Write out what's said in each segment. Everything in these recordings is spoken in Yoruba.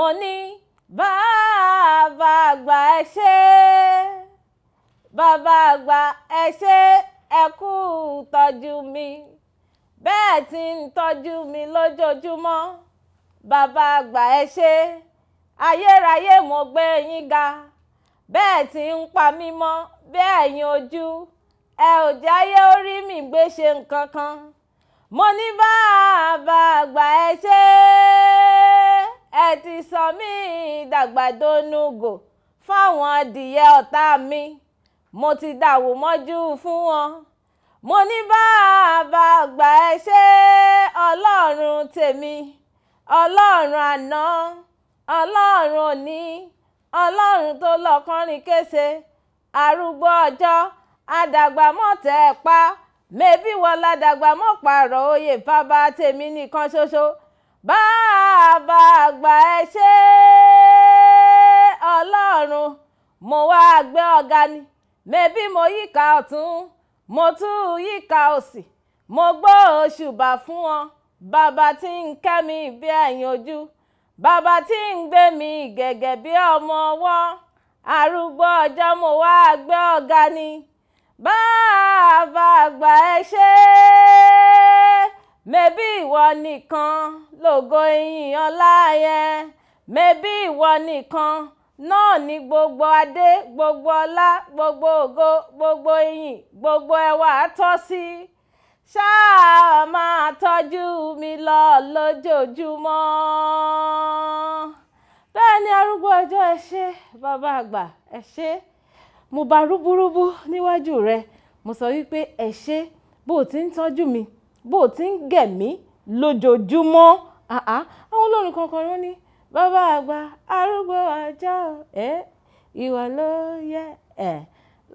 mo ní bàbá àgbà ẹ ṣé bàbá àgbà ẹ ṣé ẹ kú tọ́jú mi bẹ́ẹ̀ tí ń tọ́jú mi lójoojúmọ́ bàbá àgbà ẹ ṣé ayérayé mo gbé yín ga bẹ́ẹ̀ tí ń pa mí mọ́ bí ẹ̀yin ojú ẹ ò jáyé orí mi gbé ṣe nǹkan kan mo ní bàbá àgbà ẹ ṣé sọ mí dàgbàdónúgò fáwọn adìyẹ ọ̀tá mi mo ti dàwò mọ́jú fún wọn mo ní bàbá àgbà ẹ ṣé ọlọ́run tèmi ọlọ́run àná ọlọ́run òní ọlọ́run tó lọ́kànrin kése arúgbó ọjọ́ àdàgbà mọ́tẹ́ ẹ̀ pa mẹ́bí wọ́n ládàgbà mọ́ pààrọ̀ bàbá tèmi nìkan ṣoṣo bàbá àgbà ẹ ṣé ọlọ́run mo wá gbé ọ̀gá ni mẹ́bí mo yíká ọ̀tún mo tún yíká òsì mo gbọ́ òṣùbà fún wọn bàbá tí ń kẹ́ mi bí ẹ̀yìn ojú bàbá tí ń gbé mi gẹ́gẹ́ bí ọmọ ọwọ́ arúgbó ọjọ́ mo wá gbé ọ̀gá ni bàbá àgbà ẹ ṣé mẹ́bí ìwọ nìkan lógo ìyìn ọlá yẹn mẹ́bí ìwọ nìkan náà ni gbogbo adé gbogbo ọlá gbogbo ògo gbogbo ìyìn gbogbo ẹwà tọ́ sí ṣáà máa tọ́jú mi lọ lójoojúmọ́ bẹ́ẹ̀ ni arúgbó ọjọ́ ẹ ṣé bàbá àgbà ẹ ṣé mo bá rúburúbu níwájú rẹ mo sọ wípé ẹ ṣé bó o ti ń tọ́jú mi bó o ti ń gẹ̀mí lójoojúmọ́ àwọn olórin kankan ló ní bàbá àgbà arúgbó ọjọ́ ẹ ìwọ ló yẹ ẹ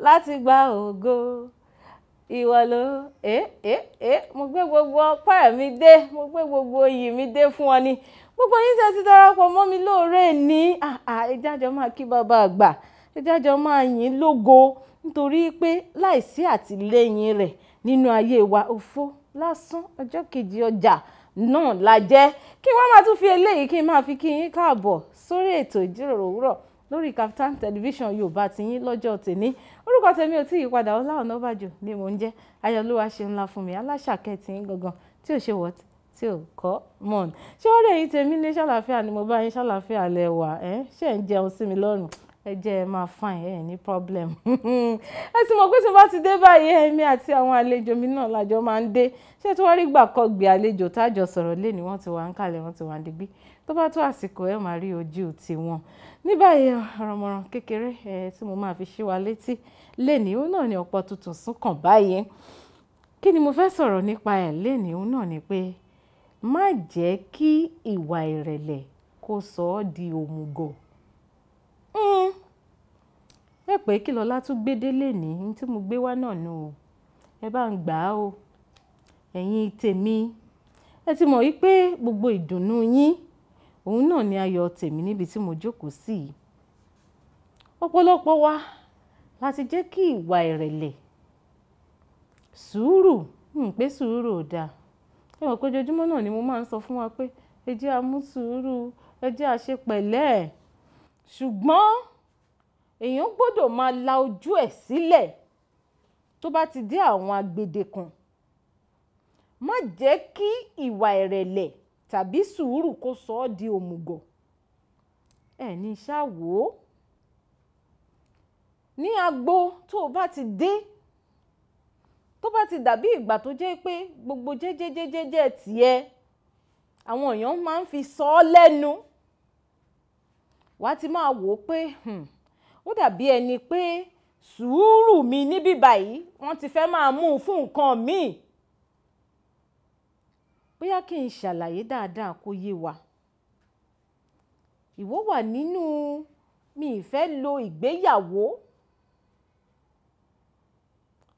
láti gba ògo ìwọ ló ẹ ẹ ẹ mo gbé gbogbo ọpẹ́ mi dé mo gbé gbogbo iyì mi dé fún ọ ni gbogbo yín tẹ́ ti darapọ̀ mọ́ mi lóore ní ìjájọ́ máa kí bàbá àgbà ìjájọ́ máa yìn lógo nítorí pé láìsí àtìlẹ́yìn rẹ̀ nínú ayé wa òfo lásán ọjọ́ kejì ọjà náà la jẹ́ kí wọ́n máa tún fi eléyìí kí n máa fi kí yín káàbọ̀ sórí ètò ìjíròrò òwúrọ̀ lórí captain. television yorùbá tiyín lọ́jọ́ tèmi orúkọ tèmi ò tí ì padà Ọlá Ọ̀nàbàjò ni mò ń jẹ́ ayọ̀lúwa ṣe ńlá fún mi aláṣàkẹ́ tí ń gangan tí ò ṣe wọ́tí tí ò kọ́ mọ̀ ṣé wọ́n rẹ̀ yín tèmi ní ṣàlàfíà ni mo bá yín ṣàlàfíà lẹ́wà ẹ̀ ṣe ń jẹun sí mi lọ́rùn ẹ jẹ́ ẹ máa fine ẹ ní problem ẹ sì mọ̀ pé tí mo bá ti dé báyìí èmi àti àwọn àlejò mi náà lájọ máa ń dé ṣé tí wọ́n rí gbà kọ́ gbé àlejò tájọ sọ̀rọ̀ lé ni wọ́n ti wà ń kàlẹ̀ wọ́n ti wà ń digbí tó bá tó àsìkò ẹ máa rí ojú tiwọn ní báyìí ọ̀rọ̀mọ̀ràn kékeré ẹ tí mo máa fi ṣí wa létí lénìí òun náà ni ọ̀pọ̀ tuntun sún kàn báyìí kí ni mo fẹ́ sọ̀rọ̀ nípa ẹ̀ lénìí òun náà ni pé má jẹ́ kí ìwà ìrẹ̀lẹ̀ kó sọ ọ́ di òmùgọ̀. Mm ẹ pé kí lọlá tún gbé délé ní ní tí mo gbé wá náà nù o ẹ bá ń gbà á o ẹ̀yin tèmi ẹ ti mọ̀ wípé gbogbo ìdùnnú yín òun náà ni ayọ̀ tèmi níbi tí mo jókòó sí i ọ̀pọ̀lọpọ̀ wa láti jẹ́ kí ìwà ìrẹ̀lẹ̀ sùúrù ń pé sùúrù ò dáa ẹ mọ̀ pé ojoojúmọ́ náà ni mo máa ń sọ fún wa pé ẹ jẹ́ a mú sùúrù ẹ jẹ́ a ṣe pẹ̀lẹ́ ṣùgbọ́n èèyàn gbọ́dọ̀ máa la ojú ẹ̀ sílẹ̀ tó bá ti dé àwọn agbede kan má jẹ́ kí ìwà ìrẹ̀lẹ̀ tàbí sùúrù kó sọ ọ́ di òmùgọ̀ ẹni ṣáwó ní agbo tó o bá ti dé tó bá ti dàbí ìgbà tó jẹ́ pé gbogbo jẹ́jẹ́jẹ́jẹ́ tiẹ̀ àwọn èèyàn máa ń fi sọ ọ́ lẹ́nu wàá ti máa wò ó pé. Hmm, ó dàbí ẹni pé sùúrù mi níbí báyìí wọ́n ti fẹ́ máa mú un fún nǹkan míì bóyá kí n ṣàlàyé dáadáa kó yé wa ìwọ wà nínú mi ìfẹ́ lo ìgbéyàwó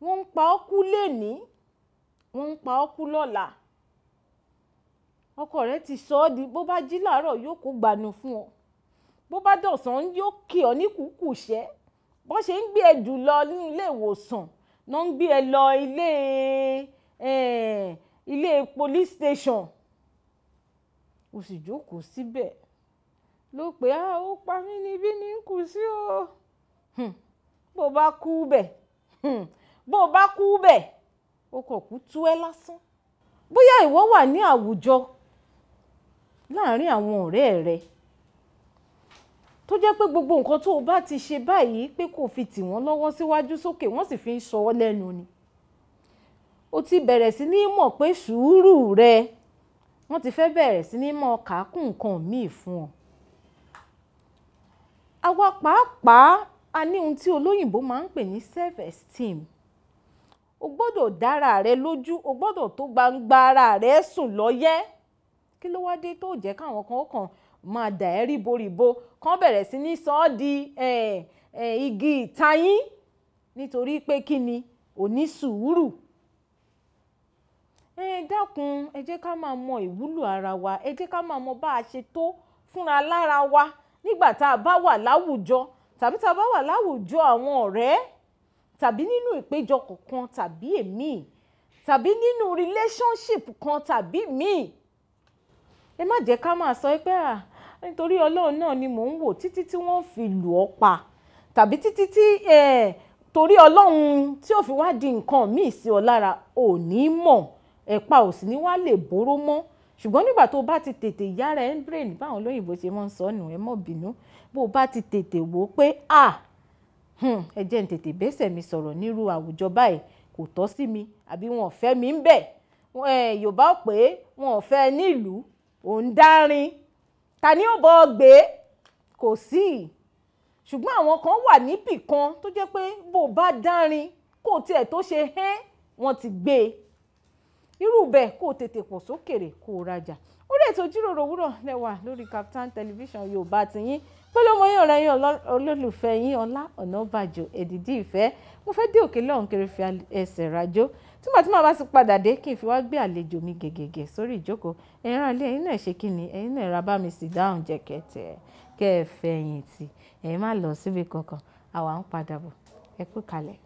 wọ́n ń pa ọ́ kú lénìí wọ́n ń pa ọ́ lọ́la ọkọ rẹ ti sọ ọ́ di bó bá jí làárọ̀ yóò kó gbanu fún ọ bó bá dọ̀sán yóò kì ọ́ ní kùkùṣẹ́ bó ṣe ń gbé ẹ jù lọ ní ilé ìwòsàn náà ń gbé ẹ lọ ilé ilé police station ó sì jókòó síbẹ̀ ló pé a ah, ó pa mí níbí ní kù sí o hmm. bó bá kú bẹ̀ hmm. bó bá kú bẹ̀ ó kàn kú tú ẹ lásán bóyá ìwọ wà ní àwùjọ láàárín àwọn ọ̀rẹ́ rẹ tó jẹ́ pé gbogbo nǹkan tó o bá ti ṣe báyìí pé kò fi tì wọ́n lọ́wọ́ síwájú sókè wọ́n sì fi ń sọ ọ́ lẹ́nu ni o ti bẹ̀rẹ̀ sí ní mọ̀ pé sùúrù rẹ wọ́n ti fẹ́ bẹ̀rẹ̀ sí ní mọ̀ kàákùn nǹkan míì fún ọ. àwa pàápàá a ní ohun tí olóyìnbó máa ń pè ní self-esteem o gbọ́dọ̀ dára rẹ lójú o gbọ́dọ̀ tó gbangba ara rẹ sùn lọ́yẹ́ kí ló wá dé tó jẹ́ káwọn kan ó kàn máa dà ẹ́ ríboríbo kán bẹ̀rẹ̀ sí ní sọ ọ́ di igi ìtayín nítorí pé kí ni òní sùúrù ẹ dákun ẹ jẹ́ ká máa mọ ìwúlò ara wa ẹ jẹ́ ká máa mọ bá a ṣe tó fúnra lára wa nígbà tá a bá wà láwùjọ tàbí tá a bá wà láwùjọ àwọn ọ̀rẹ́ tàbí nínú ìpéjọ kọ̀ọ̀kan tàbí èmi tàbí nínú relationship kan tàbí míì ẹ má jẹ́ ká máa sọ pé à nítorí ọlọ́run náà ni mò ń wò títí tí wọ́n fi lù ọ́ pa tàbí títí tí torí ọlọ́run tí ò fi wá di nǹkan míì sí ọ lára ò ní mọ̀ ẹ̀pa ò sì ní wá lè bóró mọ́ ṣùgbọ́n nígbà tó bá ti tètè yára ẹ̀ ń brain báwọn olóyìnbó ṣe máa ń sọ nù ẹ mọ̀ bínú bó bá ti tètè wò ó pé à ẹ ń tètè bẹ́sẹ̀ mi sọ̀rọ̀ nírú àwùjọ báyìí kò tọ́ sí mi àbí wọn ò fẹ́ mi ń bẹ̀ yorùbá pé wọn ò fẹ́ nílùú òun dárin tani ò bọ́ gbé kò sí ṣùgbọ́n àwọn kan wà níbì kan tó jẹ́ pé bó bá dárin kó tiẹ̀ tó ṣe hẹ́n wọ́n ti gbé e irú bẹ́ẹ̀ kó tètè pọ̀ sókèrè kó rajà orí ètò ìjíròrò òwúrọ̀ lẹ́wà lórí Kaftan television yorùbá tiyín pẹ̀lú yín ọ̀rẹ́ yín olólùfẹ́ yín Ọlá Ọ̀nàbàjọ́ èdìdí ìfẹ́ mo fẹ́ dé òkè lọ́hùn kiri fi ẹsẹ̀ rajó tígbà tí màá bá ti padà dé kí n fi wá gbé àlejò mi gègègè sórí ìjókòó ẹ̀yin ará ilé ẹ̀yin náà ṣe kí ni ẹ̀yin náà ra bá mi sì dáhùn jẹ kẹtẹ kẹ ẹ fẹ̀yìntì ẹ̀yin má lọ síbi kankan àwa ń padà bọ̀ ẹ kú kalẹ̀.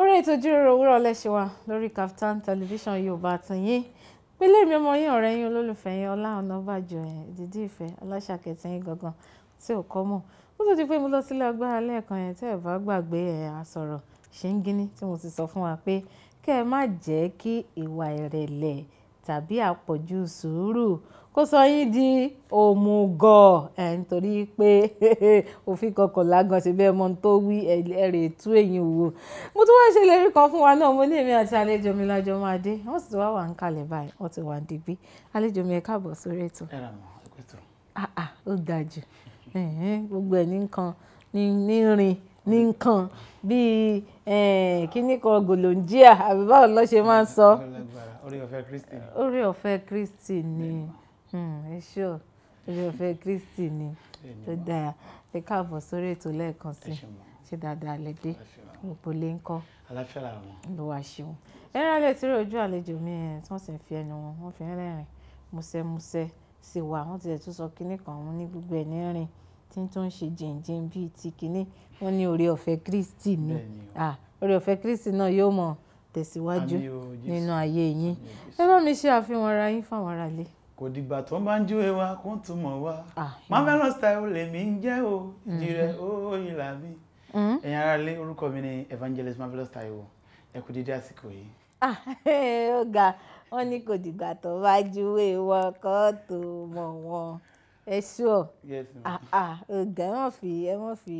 orí ètò ìjíròrò òwúrọ̀ lẹ́sẹ̀ wa lórí Kaftan television Yorùbá tìyín pélé mi ọmọ yín ọ̀rẹ́ yín olólùfẹ́ yín Ọlá Ọ̀nàbàjọ́ ẹ̀ dídí ìfẹ́ aláṣàkẹ́ tí yín gangan tí ò kọ́ mọ̀ ó tó ti pé mo lọ sílé agbára lẹ́ẹ̀kan yẹn tẹ́ ẹ̀ bá gbàgbé ẹ̀ àsọ̀rọ̀ ṣéńgíní tí mo ti sọ fún wa pé kẹ́ ẹ má jẹ́ kí ìwà ìrẹ̀lẹ̀ tàbí àpọ̀jù sùúrù kó sọ yín di òmùgọ̀ ẹ̀ nítorí pé òfin kọkànlá gan ṣe bẹ́ẹ̀ mọ tó wí ẹ̀rẹ̀ tú èyí wò mo tún wáá ṣèlérí kan fún wa náà mo ní èmi àti àlejò mi lájọ máa dé wọ́n sì ti wá wà ń kalẹ̀ báyìí wọ́n ti wà ń digbí àlejò mi ẹ káàbọ̀ sórí ètò ah, ah, ó ga jù gbogbo ẹ̀ ní nǹkan ní rìn ní nǹkan bíi kíní kan gòlòǹjíà àbí báwo ló ṣe máa ń sọ orí ọ̀fẹ́ Kristi ni. Hmm, ẹ ṣó orí ọ̀fẹ́ Kristi ni tó dáa ẹ káàbọ̀ sórí ètò lẹ́ẹ̀kan sí ṣe dáadáa lẹ́dẹ́ òpó lè ń kọ́ lọ́wọ́ ṣeun ẹ̀rọ alẹ́ tí ojú àlejò mi ẹ̀ tí wọ́n sì ń fi ẹnu wọn wọ́n fi ń rẹ́rìn músẹ́músẹ́ sì wà wọ́n ti tún sọ kinní kan wọn ní gbogbo ẹ̀ ní rìn tí tó ń ṣe jìnjìn bíi ti kinní wọn ní oore ọ̀fẹ́ Kristi ni oore ọ̀fẹ́ Kristi náà yóò mọ̀ tẹ̀síwájú nínú ayé yín ẹ bá mi ṣe àfihàn ara yín fáwọn aráalé kò dìgbà tó ń bá ń jó ewa kó ń túmọ̀ wá ah, máa fẹ́ràn style lèmi ń jẹ́ o mm-hmm. jìrẹ̀ ó ìlà mi mm-hmm. ẹ̀yin ará lé orúkọ mi ni evangelist marvelous Taiwo ẹ kú dédé àsìkò yìí. Ah, ó ga wọn ní kò dìgbà tó bá ju ewa kó tó mọ̀ wọn ẹ ṣú ọ ah, ẹ wọ́n fi ẹ wọ́n fi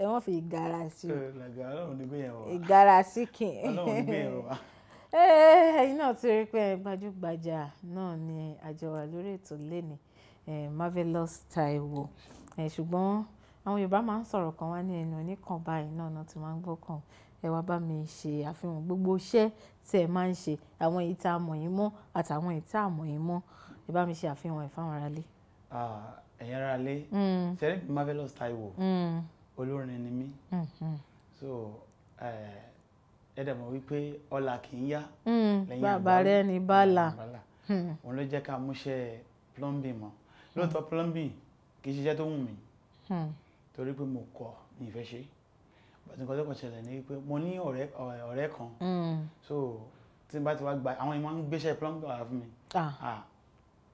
ẹ wọ́n fi ìgara sí i ìgara sí kì í. Eh, ẹ̀yin náà ti rí pé gbajúgbajà náà ni àjọ wà lórí ètò lẹ́ni eh, Marvelous Taiwo eh, ṣùgbọ́n àwọn Yorùbá máa ń sọ̀rọ̀ kan wá ní ẹnu oníkan báyìí náà náà ti máa ń gbọ́kàn ẹ wá bá mi ṣe àfihàn gbogbo iṣẹ́ tí ẹ máa ń ṣe àwọn èyí tá a mọ̀ yín mọ́ àtàwọn èyí tá a mọ̀ yín mọ́ ẹ bá mi ṣe àfihàn ẹ̀ fáwọn aráalé. ẹ̀yin aráalé hmm. ṣẹ́rí Marvelous Taiwo hmm. olórin ni mí hmm, so. Uh, ẹ dẹ̀ mọ̀ wípé ọlà kì í yá hmm, lẹ́yìn àgbà rẹ̀ ní bàlà hmm. òun ló jẹ́ ká múṣẹ́ plumbing mọ́ lóòótọ́ plumbing kì í ṣiṣẹ́ tó wù mí hmm. torí pé mo kọ̀ ní ìfẹ́ ṣe bàtí nǹkan tó kàn ṣẹlẹ̀ ni pé mo ní ọ̀rẹ́ kan so tí n bá ti wá gba àwọn ìmọ̀ ń gbéṣẹ́ plumbing wà fún mi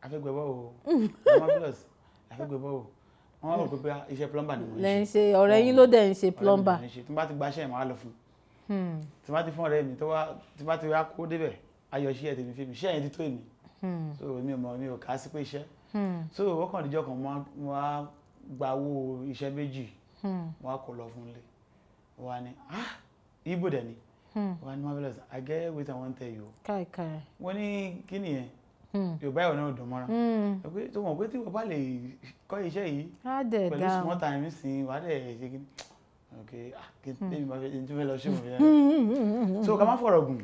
àfẹ́gbẹ́bọ̀ o marvelous àfẹ́gbẹ́bọ̀ o wọ́n rò pé iṣẹ́ plumber ni mo ń ṣe lẹ́yìn ṣe ọ̀rẹ́ yín ló dẹ̀ ń ṣe plumber tí n bá ti gbaṣẹ́ ìmọ̀ á lọ fún un Hmm. tí bá ti fún ọ̀rẹ́ mi tó wá tí bá ti wá kó débẹ̀ ayọ̀ ṣí ẹ̀ tèmi fi mi ṣé ẹ̀yìn ti tó èmi hmm. so mi ò mọ̀ mi ò kà á sí pé iṣẹ́ hmm. so ọkàndínjọ́ kan mo wá gba owó iṣẹ́ méjì mo wá kó lọ fún ilé wa ni ah ibo dẹ̀ ni wa ni marvelous I get what I wan tell you. káìkáì. wọ́n ní kí nìyẹn yorùbá ìwọ náà dùn mọ́ra tó mọ̀ pé tí wọ́n bá lè kọ́ iṣẹ́ yìí pẹ̀lú small time sí wàá dẹ̀ ṣe kí ni ok ah, kí n bá hmm. lọ ṣe òun yẹn hmm. so ká má fọ̀rọ̀ gùn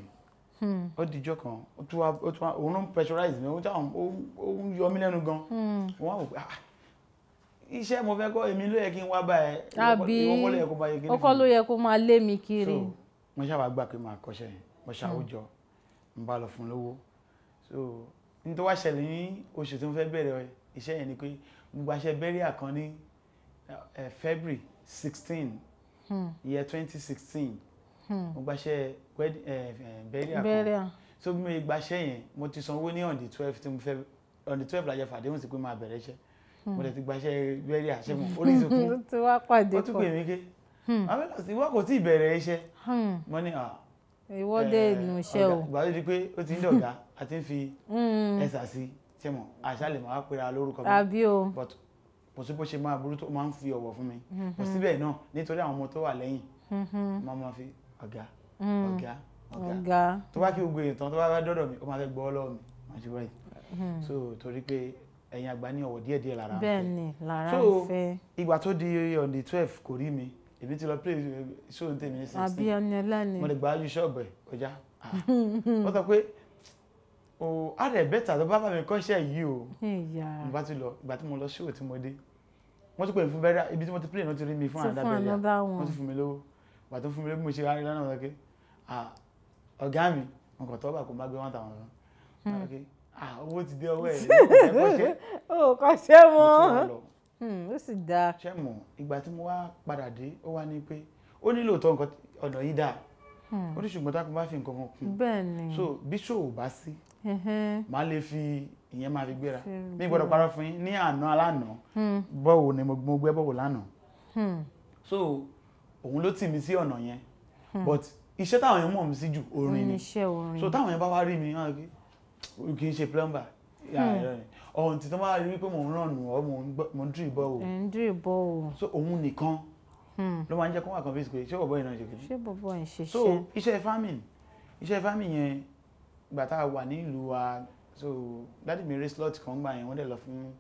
hmm. ó dijọ́ kan ó tún wá ó tún wá òun ló ń pressurize mi òun táwọn ó ń yọ mí lẹ́nu gan wọ́n á wò pé ah, iṣẹ́ mo fẹ́ kọ́ èmi ló yẹ kí n wá bá ẹ ọkọ ló yẹ kó máa lé mi kiri. so mo ṣáà wá gbà pé màá kọ́ṣẹ́ yẹn mo ṣàwùjọ n bá lọ fún lówó so n tó wá ṣẹlẹ̀ ní oṣù tó ń fẹ́ bẹ̀rẹ̀ iṣẹ́ yẹn ni pé gbogbo aṣẹ bẹ́ríà kan ní eh, February sixteen Hmm. year 2016, sixteen hmm. mo gbaṣẹ́ eh, eh, burial so bí mo gbaṣẹ́ yẹn mo ti sanwó ní on the twelve tí mo fẹ́ on the twelve lajẹ fàdéhùn sí pé máa bẹ̀rẹ̀ iṣẹ́ hmm. mo lè ti gbaṣẹ́ burial ṣe mo orí ìsìnkú ó tún pè mí ké abẹ́lẹ̀ ìwọ kò tí ì bẹ̀rẹ̀ iṣẹ́ mo ní ah ìwọ́dé ìlú eh, iṣẹ́ o ìgbà tó di pé ó ti ń dọ̀gá àti ń fi ẹ̀sà sí ṣe mo àṣà lè máa pera lórúkọ mi kò sí bó ṣe máa burú tó máa ń fi ọ̀wọ̀ fún mi mm-hmm. kò síbẹ̀ náà nítorí àwọn ọmọ tó wà lẹ́yìn máa mm-hmm. máa fi mm-hmm. ọ̀gá ọ̀gá ọ̀gá tó bá kí gbogbo èèyàn tán tó bá bá dọ́dọ̀ mi ó máa fẹ́ gbọ́ lọ́wọ́ mi máa ṣe báyìí so torí pé ẹ̀yin àgbà ní ọ̀wọ̀ díẹ̀díẹ̀ lára ń fẹ́ ni lára ń fẹ́ so ìgbà tó di on the twelve kò rí mi èmi ti lọ play eh, show tèmi ní sixteen mo lè gbájú ṣọ́ọ̀bù ẹ̀ kọjá wọ́n sọ pé o a rẹ̀ bẹ́tà tó bá bá mi kọ́ṣẹ́ yìí o mo bá ti lọ ìgbà tí mo lọ ṣòwò tí mo dé wọ́n tún pè mí fún bẹ́rẹ̀ ibi tí mo ti pílẹ̀ náà ti rí mi fún àdá bẹ́rẹ̀ wọ́n tún fún mi lówó ìgbà tó fún mi lówó mo ṣe rárí lánàá lọ́kẹ́ ọ̀gá mi nǹkan tó bá kó má gbé one thousand lọ́kẹ́ hmm. owó ti dé ọwọ́ ẹ̀ kọ́ṣẹ́ o kọ́ṣẹ́ mọ́ o hmm, sì dáa. ṣé mo ìgbà tí mo wá padà dé ó wá ní pé ó nílò tó ọ̀nà yìí dáa hmm. ó ní ṣùgbọ́n tá a kò bá fi nǹkan kan kún so bí ṣòwò bá sí máa lè fi ìyẹn máa fi gbéra mi gbọ́dọ̀ parọ́ fún yín ní àná alánà hmm. bọ́wọ́ ni mo gbé bọ́wọ́ lánàá hmm. so òun ló tì mí sí ọ̀nà yẹn hmm. but iṣẹ́ táwọn yẹn mọ̀ mí sí jù orin ni so táwọn yẹn bá wá rí mi wọn kì í ṣe plumber ọ̀hún tí wọ́n bá rí pé mò ń rànnù ọ́ mò ń dìrì bọ́wọ́ ń dìrì bọ́wọ́ so òun nìkan ló máa ń jẹ́ kó wà confuse pé ṣé bọ̀bọ̀ yìí náà ṣe kìí ṣe so iṣẹ́ farming iṣẹ́ farming yẹn ìgbà tá a wà ní ìlú wa so dádì mi rí slot kan gbà yẹn wọ́n dẹ̀ lọ fún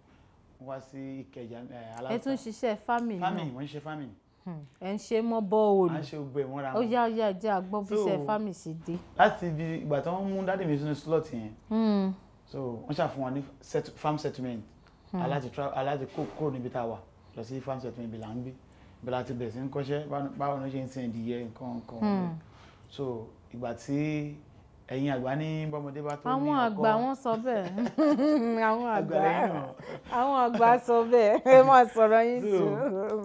wá sí Ìkẹjà eh, aláta ẹ tún ṣiṣẹ́ farming náà farming wọ́n ṣiṣẹ́ farming hmm, ẹ ń ṣe mọ́ bọ́ọ̀lù à ń ṣe gbogbo ẹ̀ mọ́ra wọn ó yá ó yá jẹ́ àgbọ̀ bí iṣẹ́ farming sì dé. láti ibi ìgbà tí wọ́n mú dádì mi sínú slot yẹn hmm. so wọ́n ṣàfihàn wọn ní farm settlement hmm. aláti aláti kúrò níbi tá a wà lọ sí farm settlement ibi là ń gbé ibi láti bẹ̀rẹ̀ sí ń kọ́ṣẹ́ báwọn ló ṣe ń sin ìdíyẹ nǹkan nǹkan so ìgbà tí ẹ̀yin àgbà ní bọ́mọdé bá tó ní ọkọ àwọn àgbà wọn sọ bẹ́ẹ̀ àwọn àgbà àwọn àgbà sọ bẹ́ẹ̀ ẹ máa sọ̀rọ̀ yín tó.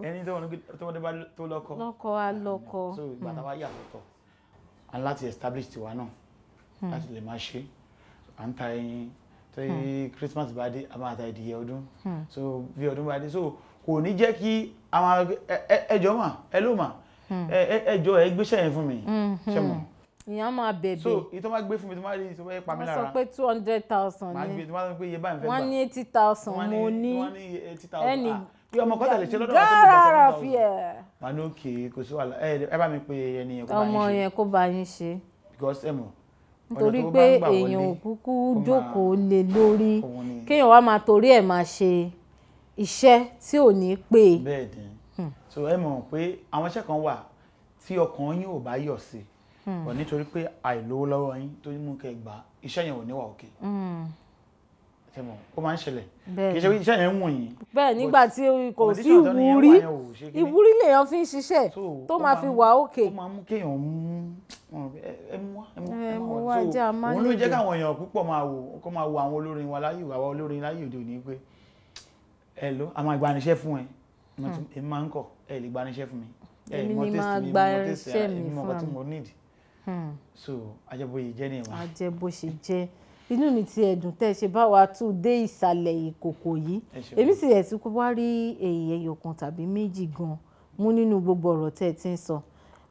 ẹni tọmọdé bá tó lọ́kọ lọ́kọ á so ìgbà tá a wá yà sọ́tọ̀ a láti establish tiwa náà hmm. láti lè máa ṣe à ń ta ẹyin tí hmm. Christmas bá dé a máa ta ìdíyẹ ọdún hmm. so bí ọdún bá dé so kò ní jẹ́ kí àwọn ẹjọ́ mà ẹ ló mà ẹjọ́ ẹ gbéṣẹ́ yẹn fún mi ṣe mọ̀ ìyẹn máa bẹ̀bẹ̀. so ìtọ́ máa gbé fún mi tó máa rí ìtọ́ máa pa mí lára. wọ́n sọ pé two hundred thousand ni. wọ́n ní eighty thousand mo ní. wọ́n ní eighty thousand ẹni bí ah, ọmọ kọ́tà lè ṣe lọ́dọ̀ wọn tó lè gbà seven thousand. òkè kò sí wàhálà ẹ bá mi pe ẹni yẹn kó bá yín ṣe. ọmọ yẹn kó bá yín ṣe. because ẹ mọ̀ nítorí pé èèyàn ò kúkú jókòó lé lórí kéèyàn wá máa torí ẹ̀ máa ṣe iṣẹ́ tí ò ní pé. bẹ́ẹ̀ ni hmm. so ẹ mọ̀ pé àwọn iṣẹ́ kan wà tí ọkàn yín ò bá yọ̀ sí i Hmm. but nítorí pé àìlówó lọ́wọ́ yín tó mú kẹ́ gbà iṣẹ́ yẹn ò níwà òkè tẹmọ hmm. ó máa ń ṣẹlẹ̀ kì í ṣe iṣẹ́ yẹn ń wùn yín. bẹ́ẹ̀ nígbà tí kò sí ìwúrí ìwúrí lèèyàn fi ń ṣiṣẹ́ tó máa fi wà òkè. ó máa mú kéèyàn mú ẹmu wá ẹmu wá jẹ àmàlẹ. òun ló jẹ́ káwọn èèyàn púpọ̀ máa wò kó máa wo àwọn olórin wa láyé ìwà olórin láyé òde òní pé ẹ ló a máa fún ẹ hmm. èmi máa ń kọ̀ ẹ lè gbaniṣẹ́ fún mi. èmi ni máa gbaniṣẹ́ mi fún mi. Hmm. so ajẹ́bóyè jẹ́ ní ìwọ̀n. ajẹ́bó ṣe jẹ́ inú mi ti ẹ̀dùn tẹ́ ṣe bá wa tún dé ìsàlẹ̀ ìkòkò yìí èmi sì ẹ̀sùn kó wá rí èyí ẹyọkan tàbí méjì gan mú nínú gbogbo ọ̀rọ̀ tẹ́ ẹ ti ń sọ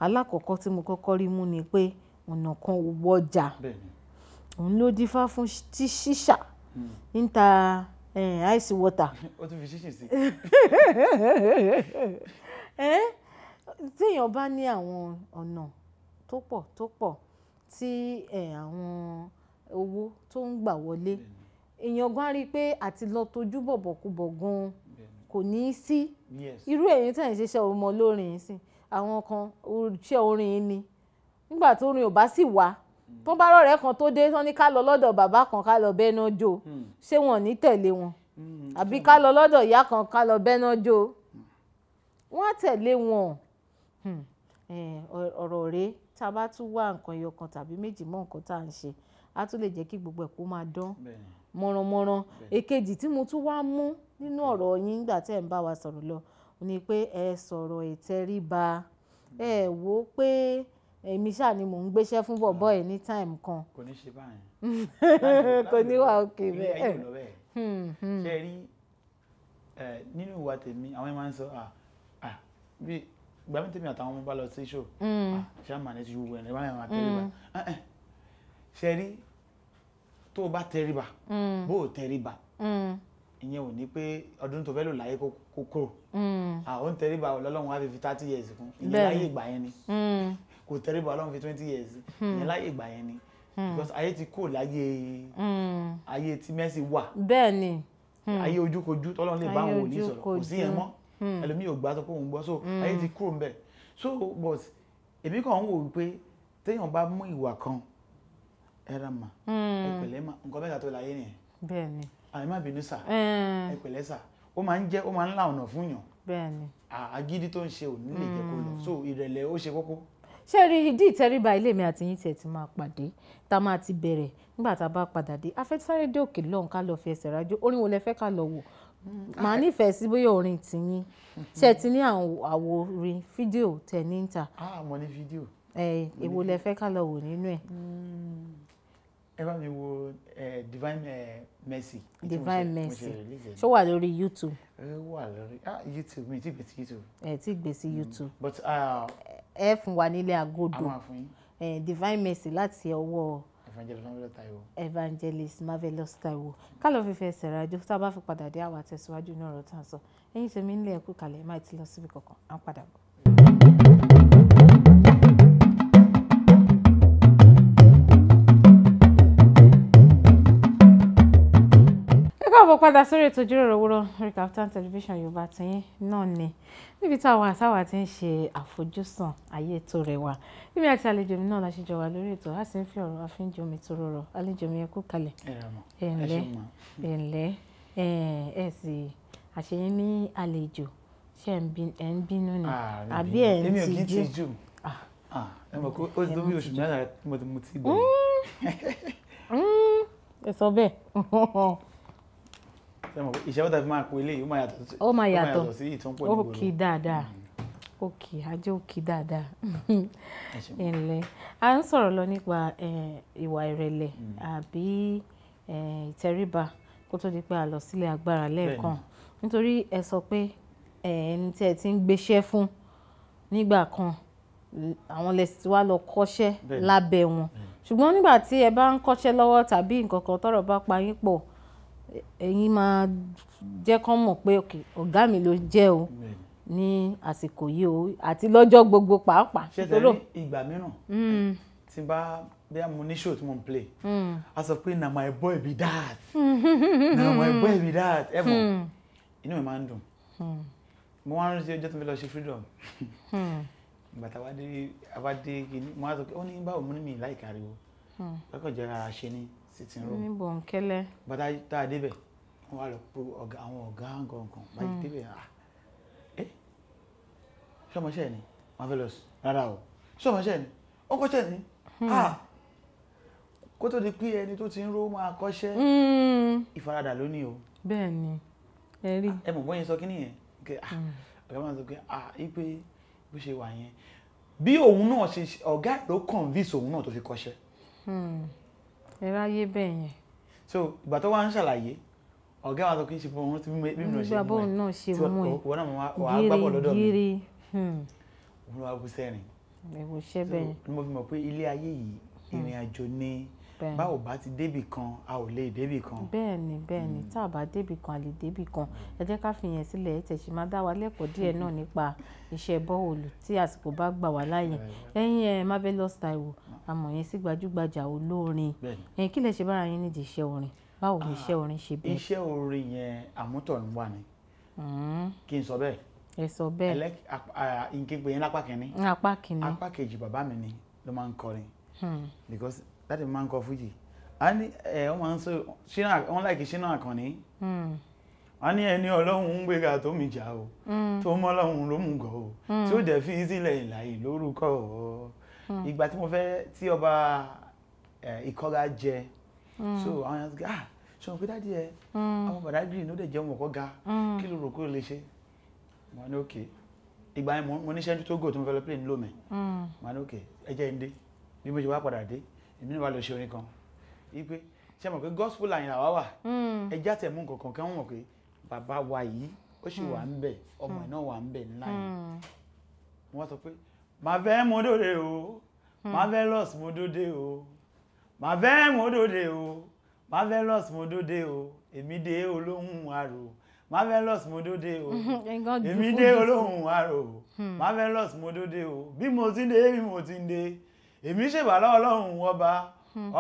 alákọ̀ọ́kọ́ tí mo kọ́kọ́ rí mú ni pé ọ̀nà kan ò wọjà òun ló dífá fún ṣíṣà hmm. ń ta ice water. ó tún fi ṣíṣì sí. téèyàn bá ní àwọn ọ̀nà tó pọ̀ tó pọ̀ tí àwọn owó tó ń gbà wọlé èèyàn gan rí i pé àti lọ tójú bọ̀bọ̀kúbọ̀ gan kò ní í sí irú ẹ̀yin tẹ̀ ń ṣiṣẹ́ ọmọ lórin yìí sí àwọn kan iṣẹ́ orin yìí ni nígbà tó orin ò bá sì wá hmm. tó bá rọ̀rẹ́ kan tó dé tán ní ká lọ lọ́dọ̀ bàbá kan ká lọ bẹ́ná jó hmm. ṣé wọn ní tẹ̀lé wọn hmm. àbí ká lọ lọ́dọ̀ ìyá kan ká lọ bẹ́ná jó wọ́n tẹ̀lé wọn ọ̀rọ̀ rèé tá a bá tún wá nǹkan ẹyọ kan tàbí méjì mọ́ nǹkan tá à ń ṣe á tún lè jẹ́ kí gbogbo ẹ̀ kó máa dán mọ̀rànmọ̀ràn èkejì tí mo tún wá mú nínú ọ̀rọ̀ yín nígbà tẹ́ ẹ̀ ń bá wa sọ̀rọ̀ lọ ni pé ẹ sọ̀rọ̀ ìtẹríba ẹ wò ó pé èmi ṣáà ni mò ń gbéṣẹ́ fún bọ̀bọ́ ah. ẹ̀ ní táìmù kan. kò ní ṣe báyìí. kò ní wà òkè bẹ́ẹ̀. Hmm, hmm. ṣe rí nínú ìwà tèmi àwọn ẹ̀ máa ń sọ ìgbà mi tèmi àtàwọn ọmọ bá lọ sí show mm. ah, ṣáà màá ní ti yúwọ ẹni báyìí máa mm. tẹríba eh, eh. ṣe rí tó o bá tẹríba mm. bó o tẹríba ìyẹn ò ní pé ọdún tó fẹ́ lò láyé kó kúrò àwọn ah, ń tẹríba ọlọ́run wá fi fi thirty years kún ìyẹn láyé ìgbà yẹn ni kò tẹríba ọlọ́run fi twenty years ìyẹn láyé ìgbà yẹn ni because ayé ti kúrò láyé ayé tí Mercy wà bẹ́ẹ̀ ni ayé ojúkojú tọ́lọ́run lè bá àwọn òní sọ̀rọ̀ kò sí yẹn mọ́. Hmm. ẹlòmíì ò gbà sọ pé òun gbọ́ so hmm. ayé ti kúrò ńbẹ̀ so but èmi kàn ń wò wípé téèyàn bá mú ìwà kan ẹ̀rà mà hmm. ẹ̀pẹ̀lẹ́ mà nǹkan mẹ́ta tó láyé nìyẹn bẹ́ẹ̀ni àyè má bínú sà ẹ̀pẹ̀lẹ́ sà ó máa ń jẹ́ ó máa ń la ọ̀nà fún yàn bẹ́ẹ̀ni àgídí tó ń ṣe ò ní lè jẹ́ kó lọ so ìrẹ̀lẹ̀ ó ṣe kókó ṣé rí ìdí ìtẹríba ilé mi àti yín tiẹ̀ ti máa pàdé tá a máa ti bẹ̀rẹ̀ nígbà tá a bá padà dé afẹ́sáré dé òkè lọ́hùn ká fi ẹsẹ̀ rájò orin wo lẹ fẹ́ ká lọ wò màá ah. nífẹ̀ẹ́ sí bóyá orin tìyín ṣé ẹ ti ní àwo orin fídíò tẹ ní ń ta. a ah, mọ ní fídíò. ẹ èwo lẹ fẹ́ ká lọ wò nínú ẹ̀. Hmm. ẹ bá mi wo divine mercy. divine mercy ṣó wà lórí youtube. ẹ wà lórí ah, youtube mi ti gbé sí youtube. ẹ ti gbé sí hmm. youtube. but ẹ fún wa nílé agodo divine mercy láti ọwọ́ evangelist marvelous taiwo. evangelist marvelous taiwo ká lọ fífẹ́ ṣèrànjò tá a bá fi padà dé àwa tẹ̀síwájú náà rọ̀ tán sọ ẹ̀yin tèmi nílé ẹ̀kú kalẹ̀ ẹ̀ máa ti lọ síbi kankan à padà bọ̀. káàbọ̀ padà sórí ètò ìjíròrò òwúrọ̀ orí Kaftan television yorùbá tiyín náà ni níbi táwa àtàwà ti ń ṣe àfojúsùn ayé tó rẹwà níbi àti àlejò mi náà la ṣe jọ wà lórí ètò a sì ń fi ọ̀rọ̀ àfihàn mi tó rọrọ̀ àlejò mi ẹ kú kalẹ̀ ẹ̀ǹlẹ́ ẹ̀ǹlẹ́ ẹ̀ sì àṣeyín ní àlejò ṣé ẹ̀ ń bínú ni ah, àbí ẹ̀ ń tijú ah. ah, ẹ mọ̀ kó ó ti tó oṣù mẹ́ta mo ti mm. gbọ́ mm. ẹ sọ bẹ́ẹ̀ ìṣẹ́wó tàbí máa pe eléyìí ó máa yàtọ̀ sí ó máa yàtọ̀ sí ìtọ́npọ̀ nígboro ó kì í dáadáa mm. ó kì í ajé ó kì í dáadáa ẹnlẹ́ a ń sọ̀rọ̀ lọ nípa ìwà ìrẹ̀lẹ̀ mm. àbí ìtẹríba kó tó di pé a lọ sílé agbára lẹ́ẹ̀kan nítorí ẹ sọ pé ẹni tí ẹ ti ń gbéṣẹ́ fún nígbà kan àwọn lè ti lọ kọ́ṣẹ́ lábẹ́ wọn mm. ṣùgbọ́n nígbà tí ẹ bá ń kọ́ṣẹ́ lọ́wọ́ tàbí nǹkan kan tọ́rọ̀ bá pa yín pọ̀ ẹ̀yin máa jẹ́ kán mọ̀ pé ọ̀gá mi ló jẹ́ o ní àsìkò yìí o àti lọ́jọ́ gbogbo pàápàá. ṣé tẹ̀lé ìgbà mìíràn hmm. tí bá bóyá mo ní show tí mo ń play hmm. a sọ pé na my boy be that na my boy be that ẹ hmm. inú mi máa ń dùn mo wá ń rántí ọjọ́ tó fi lọ ṣe freedom ìgbà tá a wá dé kí ni mo wá sọ pé ó ní báwo mo ní mi láì káriwo lọ́kàn jẹ́ ṣe ni sitting room. ní bòńkẹ́lẹ́. bàtà tá a débẹ̀ wọ́n wá lọ pé ọ̀gá àwọn ọ̀gá nǹkan báyìí hmm. débẹ̀ ah eh, ẹ sọmọṣẹ́ ni marvelous rárá o sọmọṣẹ́ ni ó kọ́ṣẹ́ ni hmm. ah kó tó di pé ẹni tó ti ń ró máa kọ́ṣẹ́ hmm. ìfaradà lónìí o. bẹ́ẹ̀ ni ẹ rí. Ah, ẹ mọ̀ bọ́yẹn sọ kí nìyẹn ah, ọ̀gá máa sọ pé ah ipe bó ṣe wà yẹn bí òun náà ṣe ọ̀gá ìlú convince òun náà tó fi kọ́ṣẹ́ ẹ ráyé bẹ́ẹ̀ yẹn. so ìgbà tó wá ń ṣàlàyé ọ̀gá wa tó kí n ṣe fún wọn tí bí mi ò ṣe mú ẹ tí wọn náà wàá gbàgbọ́ lọ́dọ̀ mi gírí òun wàá bú sẹ́rìn. ẹ mo fi mọ̀ pé ilé ayé yìí hmm. ìrìn àjò ni. Hmm bá ò bá ti débì kan a ò lè débì kan. bẹ́ẹ̀ ni bẹ́ẹ̀ ni hmm. tá a bá débì kan a lè débì kan hmm. ẹ jẹ́ ká fi yẹn sílẹ̀ ẹ tẹ̀sí máa dá wa lẹ́kọ̀ọ́ díẹ̀ náà nípa iṣẹ́ bọ́ọ̀lù tí àsìkò bá gbà wá láàyè ẹ̀yin ẹ̀ Marvelous Taiwo àmọ̀ hmm. yẹn sí gbajúgbajà olórin ẹ̀yin kí lẹ ṣe bára yín nídìí iṣẹ́ orin báwo ni iṣẹ́ ah, orin ṣe bẹ́ẹ̀. iṣẹ́ orin yẹn àmútọ̀runwá ni kí n sọ bẹ́ẹ̀ ẹ sọ bẹ́ẹ̀ nkegbe yẹn lápá kínní apá kínní because dáàdì mi máa ń kọ fújì a ní ẹ wọ́n máa ń sọ ṣínà wọ́n láìkí ṣínà àkànní hmm. a ní ẹni ọlọ́run ń gbéga tó mi jà o hmm. tó mọ́ ọlọ́run ló mú gọ̀ o hmm. tí ó dẹ̀ fi sílẹ̀ ìlàyé lórúkọ o ìgbà tí mo fẹ́ tí ọba ìkọ́ra jẹ so àwọn yẹn ti ah sọ pé dáàdi ẹ ọmọ bàdá green ó dẹ̀ jẹ́ ọmọ ọ̀gá kí ló rò kó lè ṣe mo ní òkè ìgbà yẹn mo ní sẹ́ńtú tó gò tó mo fẹ́ lọ plane lómẹ̀ ní òkè ẹ jẹ́ ń dé bí mo ṣe wá padà dé èmi náà lọ ṣe orin kan wípé ṣe mọ̀ pé gospel line àwa wà hmm. ẹja tẹ̀ mú nǹkan kan wọ̀n pé bàbá wa yìí ó sì wà hmm. ń bẹ̀ ọmọ hmm. ẹ̀ náà wà ń bẹ̀ ńlá yìí wọ́n sọ pé màá fẹ́ mú o màá fẹ́ lọ́s mú o màá fẹ́ mú o màá fẹ́ lọ́s mú o èmi dé olóhùn àrò marvelous mo dóde o èmi dé olóhùn àrò marvelous mo dóde o bí mo ti dé bí mo ti dé èmi ṣèbà lọ́wọ́ ọlọ́run ọba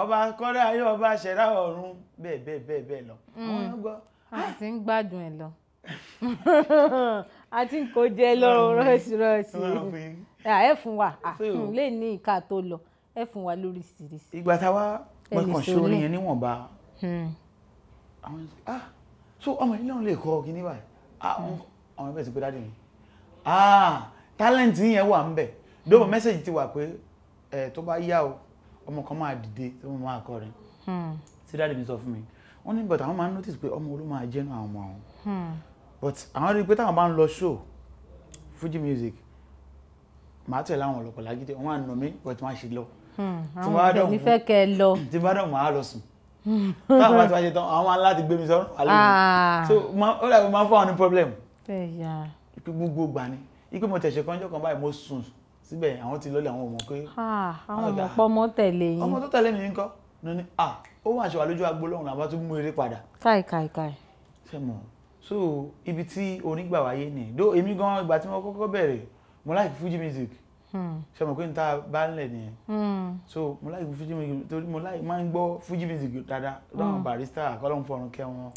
ọba kọ́rẹ́ ayé ọba ṣẹ̀dá ọ̀run bẹ́ẹ̀ bẹ́ẹ̀ bẹ́ẹ̀ bẹ́ẹ̀ lọ. Mm. a ah! ti ń gbádùn ẹ̀ lọ a ń kó jẹ lọ rọ́ọ̀sì rọ́ọ̀sì ẹ fún wa hmm, lè ní ìka tó lọ ẹ fún wa lórí sírísì. ìgbà táwa pẹ̀kàn sórí yẹn níwọ̀nba hmm. ah! so ọmọ yìí náà lè kọ́ kíní báyìí ọmọ ẹgbẹ́ ti pé dáadé mi ah, talent yẹn wà ń bẹ̀ dóbò mẹ́sẹ̀gì ti wà pé ẹ tó bá yá o ọmọ kan máa dìde tó máa kọrin hmm. tí dáàdì mi sọ fún mi wọ́n ní but àwọn máa ń notice pé ọmọ olú máa jẹ́nu àwọn ọmọ àwọn hmm. but àwọn rí i pé táwọn bá ń lọ show Fuji music màá tẹ̀lé àwọn ọ̀lọ́pàá lágídé wọ́n á nà mí but wọ́n á ṣe lọ. Hmm. àwọn ọ̀dọ́ mi fẹ́ kẹ́ ẹ lọ. tí bá dọ̀ màá lọ sùn táwọn bá ti wá ṣe tán àwọn máa láti gbé mi sọ́run àlejò ah. so ó dàbí máa ń fún àwọn ní problem. gbogbo gbà ni ikú mo tẹ̀sẹ̀ kọ́njọ́ kan báyìí mo sùn síbẹ̀ àwọn ti lọ́lẹ̀ àwọn ọmọ pé. àwọn ọmọ pọ ọmọ tẹ̀lé yín. ọmọ tó tẹ̀lé mi ń kọ́ ló ní à ó wà ṣe wà lójú agbo lọ́hùn làbá tó mú eré padà. káì káì káì. ṣe mọ̀ so ibi tí orin gbà wáyé ni dó èmi gan ìgbà tí mo kọ́kọ́ bẹ̀rẹ̀ mo like Fuji music hmm. ṣe mọ̀ pé n ta bá ń lẹ̀ nìyẹn hmm. so mo like Fuji music torí mo like máa ń gbọ́ Fuji music dáadáa hmm. lọ́wọ́n barista kọ́lọ́n fọ̀rùn kẹ́ wọn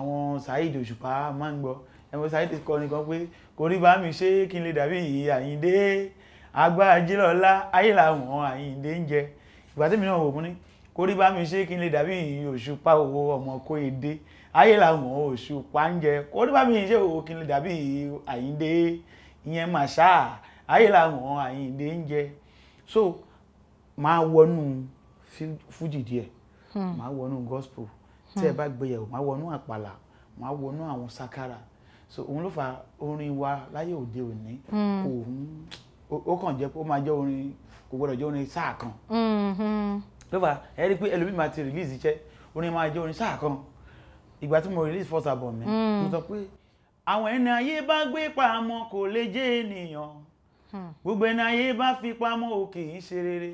àwọn Saheed Òṣùpá máa ń gbọ́ ẹ̀mọ́ Saheed kọrin kan pé kò rí bá mi ṣe kí n lè dàbí Àyìndé agbára jílọ́lá ayé làwọn àyíǹde ń jẹ ìgbà tẹ́mi náà wò mú ní kó rí bá mi ṣe kí n lè dàbí òṣùpá owó ọmọ Kóyèdé ayé làwọn òṣùpá ń jẹ kó rí bá mi ṣe òwò kí n lè dàbí àyíǹde ìyẹn màṣá ayé làwọn àyíǹde ń jẹ so máa wọnú fújì díẹ̀ máa hmm. wọnú gospel hmm. tí ẹ bá gbéyẹ̀wò máa wọnú àpàlà máa wọnú àwọn sakara so òun ló fa orin wa láyé òde òní hmm. kò ń o kàn jẹ́ ó máa jẹ́ orin kò gbọ́dọ̀ jẹ́ orin sáà kan mm-hmm. ló fà ẹ rí i pé ẹlòmíì máa ti release iṣẹ́ orin máa jẹ́ orin sáà kan ìgbà tí mo release first album mi mm. mo sọ pé àwọn ẹni ayé bá gbé pamọ́ kò lè jẹ́ ènìyàn hmm. gbogbo ẹni ayé bá fi pamọ́ ò kì í ṣe rere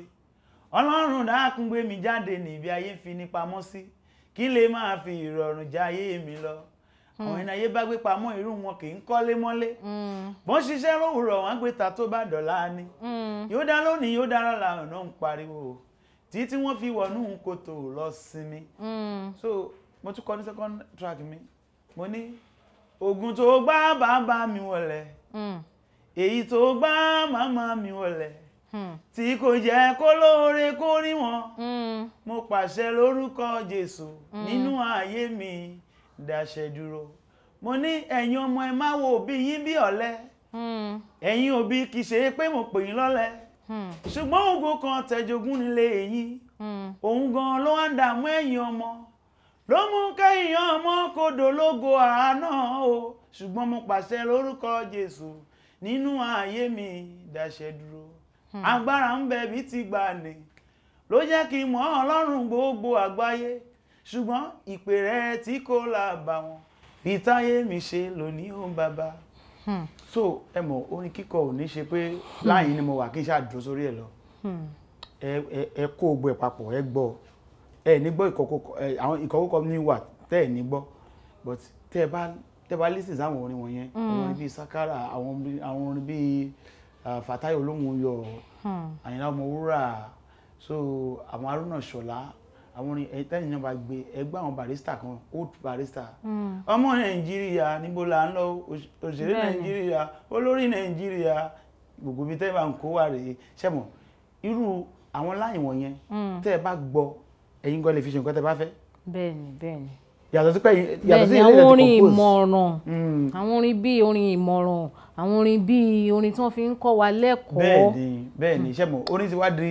ọlọ́run dákun gbé mi jáde níbi ayé fi ní pamọ́ sí kí lè máa fi ìrọ̀rùn jayé mi lọ àwọn hmm. ẹni ayé bá gbé pamọ́ irú wọn kì í kọ́lé mọ́lé wọ́n hmm. ṣiṣẹ́ lówùrọ̀ wọ́n gbé ta tó bá dọ̀la ni hmm. yóò dá lónìí yóò dára la ọ̀nà ń pariwo títí wọ́n fi wọnú kòtò lọ sinmi so mo tún kọ ní second track mi mo ní oògùn tó gbá bàbá mi wọlé èyí tó gbá màmá mi wọlé tí kò jẹ́ kó lóore kó rí wọn mo pàṣẹ lórúkọ Jésù nínú ayé mi. Mm. dáṣẹ dúró mo ní ẹyin ọmọ ẹ má wo òbí yín bí ọlẹ. Hmm. ẹyin òbí kì í ṣe é pé mo pè yín lọlẹ. Hmm. ṣùgbọ́n ògùn kan tẹ̀jogún nílé yín hmm. òun gan ló wá ń dààmú ẹ̀yin ọmọ ló mú kẹ́yìn ọmọ kó dológo àánà o ṣùgbọ́n mo pàṣẹ lórúkọ Jésù nínú ààyè mi dáṣẹ dúró agbára ń bẹ bí ti gbà ní ló jẹ́ kí n mọ̀ Ọlọ́run gbogbo àgbáyé ṣùgbọ́n ìpè rẹ̀ tí kò láàbà wọn bí táyé mi ṣe lónìí ó ń bàbá. Hmm. so ẹ mọ̀ orin kíkọ ò ní ṣe pé láyìn ni mo wà kí n ṣáà dúró sórí ẹ̀ lọ hmm. ẹ kó gbogbo ẹ̀ papọ̀ ẹ gbọ́ ẹ ní gbọ́ ìkọkúkọ àwọn ìkọkúkọ ní wà tẹ́ ẹ̀ ní gbọ́ but tẹ́ ẹ bá tẹ́ ẹ bá lísìn sáwọn orin wọ̀nyẹn hmm. orin bíi sakara àwọn orin bíi fatayo olóhùn yọ àyìnlá ọmọwúrà so àwọn arúnà ṣọlá àwọn orin ẹ̀yìn eh, tẹ́yìn náà bá gbé ẹgbẹ́ àwọn barista kan old barista hmm. ọmọ nàìjíríà níbo là ń lọ òṣèré nàìjíríà olórí nàìjíríà gbogbo ibi tẹ́yìn bá ń kó wà rèé ṣẹ́mọ̀ irú àwọn láì wọ̀nyẹn hmm. tẹ́ ẹ bá gbọ́ ẹ̀yin gan lè fi ṣe nǹkan tẹ́ bá fẹ́. bẹ́ẹ̀ni bẹ́ẹ̀ni yàtọ̀ sí pé yàtọ̀ sí ilé ìrẹ́lẹ̀ ti compose. bẹ́ẹ̀ni hmm. àwọn orin ìmọ̀ràn àwọn orin bíi orin ìmọ̀ràn àwọn orin bíi orin tí wọ́n fi ń kọ́ wa lẹ́kọ̀ọ́. bẹ́ẹ̀ni bẹ́ẹ̀ni hmm. ṣe mo orin ti wá di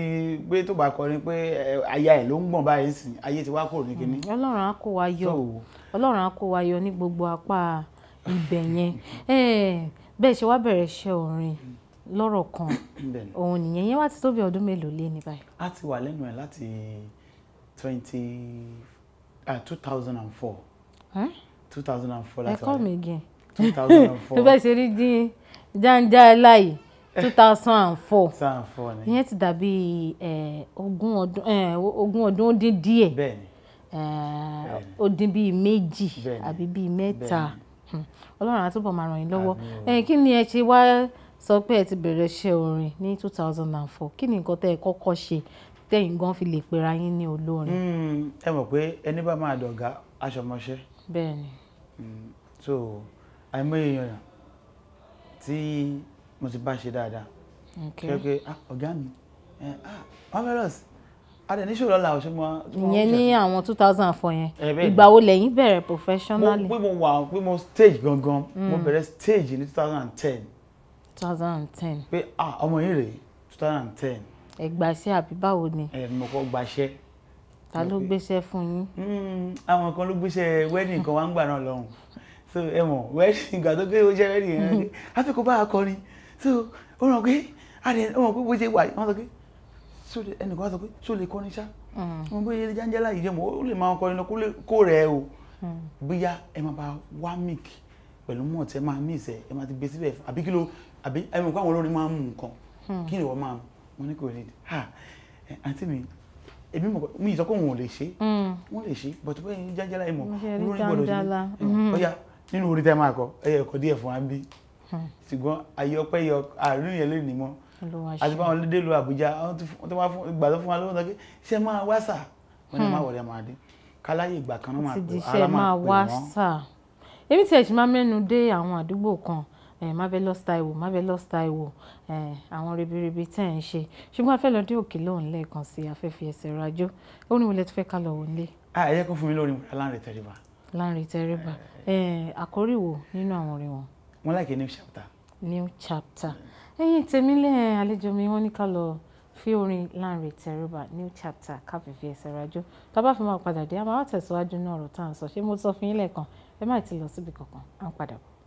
pé tó bá kọrin pé eh, aya ẹ ló ń gbọ̀n báyìí sìn ayé ti wá kúrò ní kinní. Hmm, ọlọ́run á kó wa yọ ọlọ́run á kó wa yọ ní gbogbo apá ibẹ̀ yẹn eh, bẹ́ẹ̀ ṣe wá bẹ̀rẹ̀ iṣẹ́ orin lọ́rọ̀ kan òun nìyẹn yẹn wá ti tó ọdún mélòó lé ní báyìí. a ti wà lẹ́nu ẹ̀ láti twenty 2004. Huh? 2004 láti wáyé. Ẹ call me again. 2004. Ló bá ṣe rí dín jáńjá ẹ láyìí. 2004. 2004 ni. Ìyẹn ti dàbí ogún ọdún ogún ọdún ó dín díẹ̀. Bẹ́ẹ̀ni. be dín bíi méjì àbí bíi mẹ́ta. Hmm. Ọlọ́run á túbọ̀ máa ràn yín lọ́wọ́. Kí ni ẹ ṣe wá sọ pé ẹ ti bẹ̀rẹ̀ iṣẹ́ orin ní 2004? Kí ni nǹkan tẹ́ ẹ tẹ̀yin gan fi lè pera yín ní olórin. Hmm, ẹ mọ̀ pé ẹni bá máa dọ̀gá aṣọmọṣẹ́. bẹ́ẹ̀ hmm, so àìmọye èèyàn tí mo ti bá ṣe dáadáa. kẹ́kẹ́ ah, ọ̀gá mi ah, marvelous adẹ̀níṣòro ọ̀la ọ̀ṣun mọ́. ìyẹn ní àwọn two thousand four yẹn ìgbà wo lẹ́yìn bẹ̀rẹ̀ professionally. mo pé mo wà pé mo stage gangan mo hmm. bẹ̀rẹ̀ stage ní two thousand and ten. two thousand and ten. pé ah, ọmọ yìí rèé two thousand and ten ẹ gbàṣẹ àbí báwo ni. ẹ mo kọ́ gbàṣẹ. ta ló gbéṣẹ́ fún yín. Hmm, àwọn kan ló gbéṣẹ́ wedding kan wá ń gbà náà lọ́hùn so ẹ mọ̀ wedding ìgbà tó gbé oúnjẹ wedding yẹn ni hmm. àfikún bá a so ó ràn pé àdé ó ràn pé bó ṣe wà yìí wọ́n sọ pé ẹnìkan wá sọ pé ṣó lè kọrin ṣá wọn hmm. bóyá ilé jáńjẹ́lá yìí jẹ́ mọ́ ó lè máa kọrin lọ kó rẹ̀ o bóyá ẹ máa bá wá míìkì pẹ̀lú mọ̀ tẹ́ máa mí ìsẹ̀ ẹ máa ti gbé síbẹ̀ àbí kí ló àbí ẹ mọ̀ káwọn olórin máa ń mú nǹkan kí ni ìwọ máa mú mo ní kò need àǹtí mi èmi mọ̀ mi ìsọ́kọ̀ òun ò lè ṣe mm. wọ́n lè ṣe but bẹ́ẹ̀ ni jájálá ìmọ̀ olórí gbọ́dọ̀ ṣe ọ̀yà mm-hmm. nínú orí tẹ́ máa kọ ẹ̀yẹ ẹ̀kọ́ díẹ̀ fún wa ń bí ṣùgbọ́n ayé ọpẹ́ yọ àárín yẹn lè ní mọ́ àti báwọn lédè lu Àbújá wọ́n tó máa gbàdọ́ fún wa lọ́wọ́ sọ́kẹ́ ṣé máa wá sà wọ́n ní máa hmm. wọlé máa dé káláyé ìgbà kan náà máa pè wọ́n eh, marvelous taiwo marvelous taiwo eh, àwọn ribiribi tẹ́ ẹ̀ ń ṣe ṣùgbọ́n a fẹ́ lọ dé òkè lóhùn lẹ́ẹ̀kan sí afẹ́fẹ́ ẹsẹ̀ rajó orin wo lẹ tún fẹ́ ká lọ wò nílé. Ah, ẹ jẹ́ kó fún mi lórí mọ̀lá láǹrẹ̀ tẹríba. láǹrẹ̀ tẹríba eh, àkórí wo nínú àwọn orin wọn. wọn láìké new chapter. new chapter ẹ̀yin tèmi lẹ́yìn àlejò mi wọ́n ní ká lọ fi orin Lanre Teriba new chapter káfífi ẹsẹ̀ rajó tá a bá fi máa padà dé a máa tẹ̀síwájú náà ọ̀rọ̀ tá à ń sọ ṣé mo sọ fún yín lẹ́ẹ̀kan ẹ má ti lọ síbi kankan à ń padà bọ̀.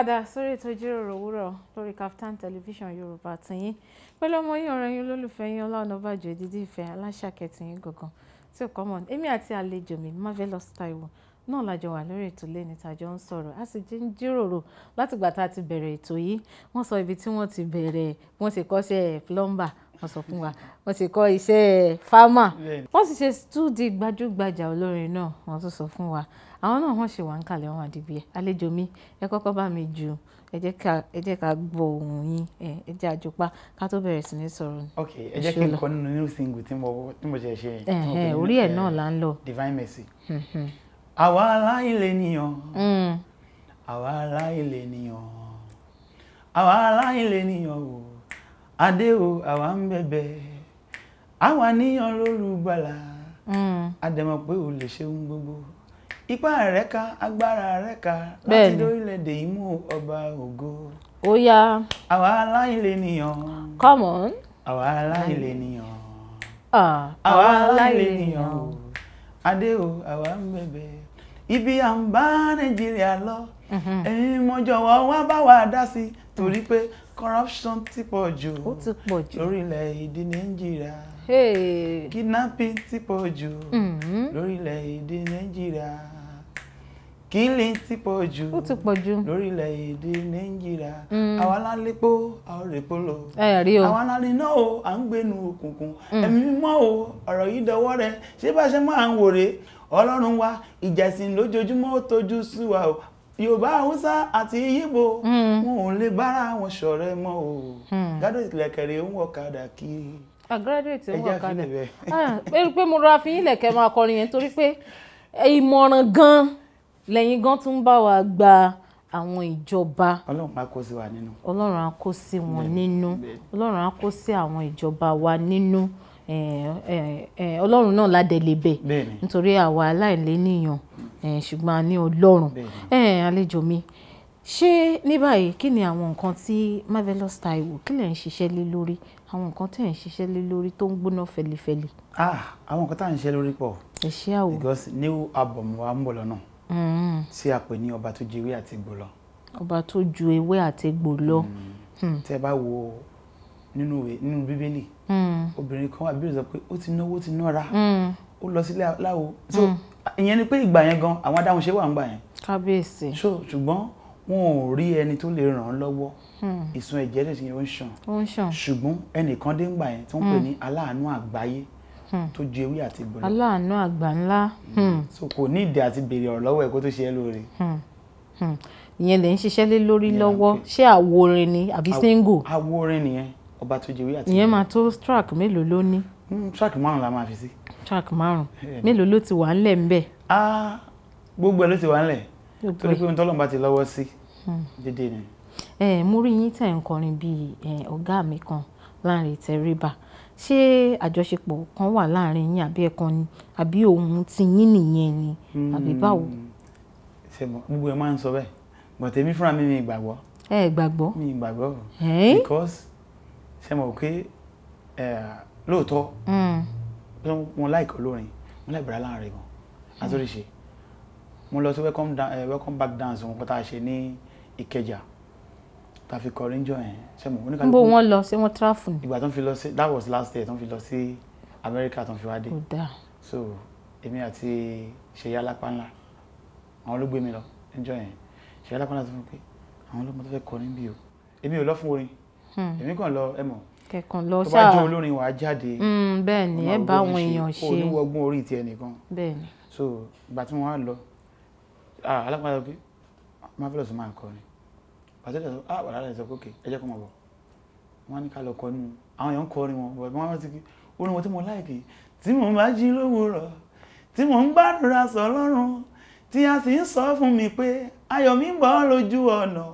padà sórí ètò ìjíròrò òwúrọ̀ lórí Kaftan television yorùbá tìyín pẹ̀lú ọmọ yín ọ̀rẹ́ yín olólùfẹ́ yín Ọlá Ọ̀nàbàjọ ìdídí ìfẹ́ aláṣàkẹ́tì yín gangan tí ò kọ́mọ̀ èmi àti àlejò mi Marvelous Taiwo náà lájọ wà lórí ètò lẹ́ni tàjọ ń sọ̀rọ̀ a sì ń jíròrò látìgbà tá a ti bẹ̀rẹ̀ ètò yìí wọ́n sọ ibi tí wọ́n ti bẹ̀rẹ̀ wọ́n ti kọ́ṣẹ́ plumber wọ́n sọ fún wa wọ́n ti kọ́ iṣẹ́ farmer wọ́n sì ṣe studio gbajúgbajà olórin náà wọ́n tún sọ fún wa àwọn náà wọ́n ṣì wà ń kalẹ̀ wọn àdìbíyẹ àlejò mi ẹ kọ́kọ́ bá mi ju ẹ jẹ́ ká gbọ́ ohùn yín ẹ jẹ́ àjọpá ká tó bẹ̀rẹ̀ sí ní sọ̀rọ̀. ok ẹ jẹ́ kí n kọ́ nínú new single tí mo tí mo ṣe ṣe yẹn. orí ẹ̀ náà eh, là ń lọ. divine mercy. àwa aláìlè nìyàn hmm. àwa aláìlè nìyàn àwa aláìlè nìyàn o adé o àwa ń bẹ̀bẹ̀ àwa níyàn lórúgbàlà àdèmọ̀ hmm. pé o lè ṣe gbogbo. ipa rẹ̀ agbara agbára rẹ̀ ká láti dórílẹ̀-èdè yìí ọba ògo. ó yá. àwa aláìlè nìyàn. come on. àwa aláìlè nìyàn. àwa aláìlè nìyàn o adé o àwa ń bẹ̀bẹ̀ ibi à ń bá nàìjíríà lọ mhm. ẹ̀yin mo jọ̀wọ́ wá bá wa dá sí torí corruption ti pọ̀ jù lórílẹ̀-èdè nàìjíríà kidnapping ti pọ̀ jù mhm. lórílẹ̀-èdè kí lè ti pọ̀ jù ó ti pọ̀ jù lórílẹ̀ èdè nàìjíríà mm. àwa lálépo àwọn rèpo àwa láléná o à ń gbénu òkùnkùn mm. ẹ̀mí mímọ́ o ọ̀rọ̀ yìí dọwọ́ rẹ ṣé bá ṣe máa ń wòrè ọlọ́run wa ìjà ìsìn lójoojúmọ́ ó tojú sú wa o yorùbá haúsá àti yíbo mm. wọn ò lè bára wọn ṣọ̀rẹ́ mọ́ o gádò ìlẹ̀kẹ̀rẹ̀ ń wọ kàdà kiri. a graduate ń wọ kàdà ah, ẹ jẹ́ àfihàn pé mo rọra fi yín lẹ̀kẹ̀ máa kọrin yẹn torí pé ìmọ̀ràn gan-an lẹ́yìn gan tún bá wa gba àwọn ìjọba ọlọ́run á kó sí wa nínú ọlọ́run á kó sí wọn nínú ọlọ́run á kó sí àwọn ìjọba wa nínú ọlọ́run náà ládẹ́lẹ́bẹ̀ nítorí àwa aláìléníyàn ṣùgbọ́n a ní ọlọ́run àlejò mi ṣé ní báyìí kí ni àwọn nǹkan tí Marvelous Taiwo kí lẹ̀ ń ṣiṣẹ́ lé lórí àwọn nǹkan tẹ̀ ń ṣiṣẹ́ lé lórí tó ń gbóná fẹlifẹli. Ah, àwọn nǹkan tá à ń ṣe lórí pọ̀ because new album wa ń bọ̀ lọ́nà. Mm. tí a pè ní ọba tó ju ewé àti egbò lọ. ọba tó ju ewé àti egbò lọ. Mm. Hmm. tẹ bá wo nínú nínú bíbélì hmm. obìnrin kan wà bíbélì sọ pé ó ti náwó ti nára hmm. ó lọ sílé aláwo so ìyẹn ni pé ìgbà yẹn gan àwọn adáhunṣe wà ń gbà yẹn. kábíyèsí. so ṣùgbọ́n wọn ò rí ẹni tó lè ràn án lọ́wọ́ ìsun ẹ̀jẹ̀ rẹ̀ ti yẹn ó ń ṣàn ṣùgbọ́n ẹnìkan dé ń gbà yẹn tó ń pè ní aláàánú àgbáyé Hmm. tó ju ewé àti ìgbọ̀n. aláàánú àgbà ńlá. Hmm. so kò ní ìdí àti béèrè ọ̀rọ̀ lọ́wọ́ ẹ̀ kó tó ṣe é lóore. Hmm. ìyẹn lè ń ṣiṣẹ́ lé lórí lọ́wọ́ ṣé àwo ni àbí single. àwo nìyẹn ọba tó ju ewé àti ìgbọ̀n. ìyẹn máa tó track mélòó ló ní. track márùn la máa fi sí. track márùn-ún mélòó ló ti wà ńlẹ̀ ńbẹ̀. gbogbo ẹ̀ ló ti wà ńlẹ̀ torí pé ohun tọ́lọ́mùbá ti lọ́wọ́ Tẹríba ṣé àjọṣepọ̀ kan wà láàrin yín àbí ẹ̀kan ni àbí òun ti yín nìyẹn ni àbí hmm. báwo. ṣe mọ gbogbo ẹ máa ń sọ bẹ́ẹ̀ but èmi fúnra mi mi ìgbàgbọ́. ẹ gbàgbọ́. mi ìgbàgbọ́ because ṣe mọ̀ pé lóòótọ́ wọn láìkọ́ lórin wọn láì bẹ̀rẹ̀ láàrin wọn àtúnṣe mo lọ sí welcome back dance wọn kọ́ta ṣe ní Ìkẹjà ta fi kọrin jọ yẹn ṣe mo oníkàlùkù. níbo wọn lọ ṣé wọn tráfù ni. ìgbà tó ń fi lọ sí that was last year tó ń fi lọ sí Amẹ́ríkà tó ń fi wá dé. so èmi àti Ṣèyí Alápánlá àwọn ló gbé mi lọ níjọ yẹn Ṣèyí Alápánlá tó fún pé àwọn ọlọ́mọ tó fẹ́ kọrin bí o èmi ò lọ fún orin hmm. èmi kàn lọ ẹ mọ̀ kẹkàn lọ ṣáà tó bá jẹ́ olórin wàá jáde hmm, bẹ́ẹ̀ ni ẹ bá àwọn èèyàn ṣe oníwọgbọn orí tiẹ̀ nìkan bẹ́ẹ̀ ni so ìgbà tí mo wá lọ ah, Alápánlá pé máa fẹ́ kọrin pàtẹ́jọ́ sọ ah bàdá rẹ̀ sọ pé ok ẹ jẹ́ kó máa bọ̀ wọ́n ní ká lọ kọ nínú àwọn èèyàn ń kọ wọn bọ̀ wọ́n ti orin wọn tí mo láìkì tí mò ń bá jí lówùúrọ̀ tí mò ń gbàdúrà sọ lọ́rùn tí a sì ń sọ fún mi pé ayọ̀ mi ń bọ̀ lójú ọ̀nà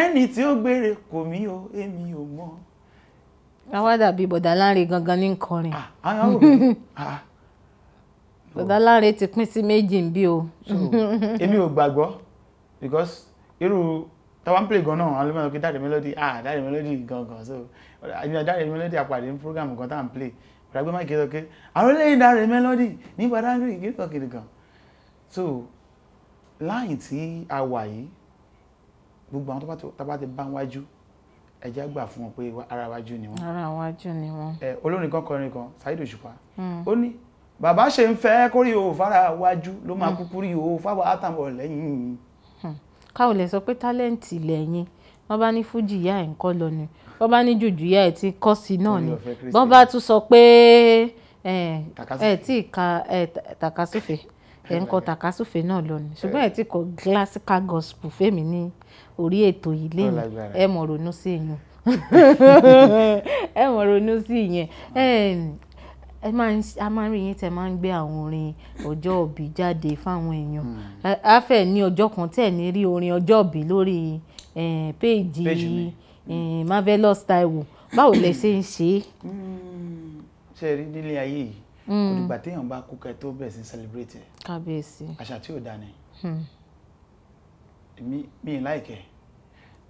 ẹni tí ó gbére kò mí o èmi ò mọ̀. àwa dàbí bọ̀dá láre gangan ní kọrin. Ah, àwọn ah, láre ti pín sí méjì ń bí o. èmi ò gbàgbọ́ because irú tọ́wọ́n ń play gan náà àwọn ọlọ́mọ ọ̀kẹ́ dáre melody ah dáre melody gangan so àyìnbá dáre melody àpàdé ní program kan tá à ń play ọ̀dà gbé máìkì ọ̀kẹ́ àwọn eléyìí dáre melody ní padàgìrì kíkọ̀ kiri gan so láyìn tí a wà yìí gbogbo àwọn tó bá ti bá wájú ẹjẹ gbà fún wọn pé ara wájú ni wọn. ara wájú ni wọn. ẹ olórin kan kọrin kan Saheed Òṣùpá. Hmm. ó ní bàbá ṣe ń fẹ́ kórìí òòfà ara wájú ló máa hmm. kúkú rí òòfà wàhátà mọ̀ lẹ́yìn ká ò lè sọ pé tálẹ́ǹtì lẹ́yìn wọ́n bá ní fújì ìyá ẹ̀ ń kọ́ lọ ni wọ́n bá ní jùjú ìyá ẹ̀ ti kọ́ sí náà ni wọ́n bá tún sọ pé ẹ̀ tí ka takasúfè ẹ̀ ń kọ́ takasúfè náà lọ ni ṣùgbọ́n ẹ̀ tí kọ́ classical gospel fèmí ní orí ètò yìí lẹ́yìn ẹ̀ mọ̀ ronú sí ìyẹn ẹ̀ mọ̀ ronú sí ìyẹn ẹ máa ń a máa ń rí yín tẹ máa ń gbé àwọn orin ọjọ́ òbí jáde fáwọn èèyàn á hmm. fẹ́ ní ọjọ́ kan tẹ̀ ní rí orin ọjọ́ òbí lórí péèjì marvelous Taiwo báwo lẹ ṣe ń ṣe é. Hmm. ṣe rí nílé ayé yìí olùgbà hmm. téèyàn bá kú kẹ tó bẹ̀ sí celebrate. kábíyèsí àṣà tí ò dáa èmi mi ì láìkẹ́. Like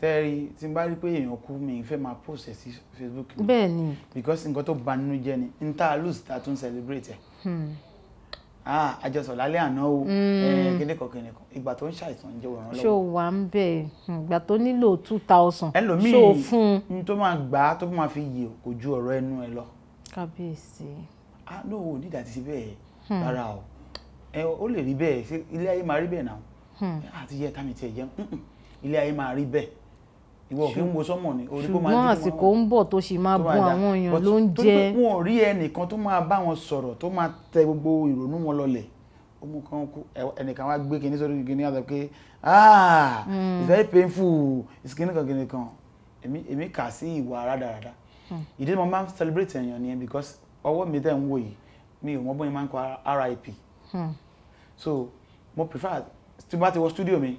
tẹ́rí tí n bá rí pé èèyàn kú mi fẹ́ máa post ẹ̀ sí Facebook mi. bẹ́ẹ̀ ni. because nǹkan tó bà nínú jẹ́ ni n ta lose ta tún celebrate ẹ̀. Hmm. ah àjọsọ̀ lálẹ́ àná o kíndìnkọ̀ hmm. kíndìnkọ̀ ìgbà tó ń ṣàìsàn jẹ́ òrànlọ́wọ́. ṣó wà ń bẹ̀ hmm, ìgbà tó nílò two thousand. ẹlòmíì ṣó fún un. tó máa gbà á tó máa fi yè kò ju ọ̀rọ̀ ẹnu ẹ lọ. kábíyèsí. ah no nídà ti ṣe bẹ́ẹ̀ rárá o ó lè rí bẹ́ẹ̀ ilé ayé máa rí bẹ́ẹ̀ náà àti yẹ tàmí tiẹ̀ jẹun ilé ayé máa rí bẹ́ẹ̀ ìwọ ò fi ń wo sọmọ ni orí kó máa dín wọn. ṣùgbọ́n àsìkò ń bọ̀ tó ṣì máa bún àwọn èèyàn ló ń jẹ́. wọn ò rí ẹnìkan tó máa bá wọn sọ̀rọ̀ tó máa tẹ gbogbo ìrònú wọn lọlẹ̀ ọmọ kan kú ẹnìkan wá gbé kinní sórí kinní àti pé ah hmm. it's very painful it's kinní kan kinní kan èmi èmi kà sí ìwà rádaràda hmm. ìdí mo máa ń celebrate èèyàn nìyẹn because ọwọ́ mi tẹ̀ ń wò yìí mi ò mọ bóyá máa ń kọ RIP hmm. so mo prefer tí mo bá ti wọ studio mi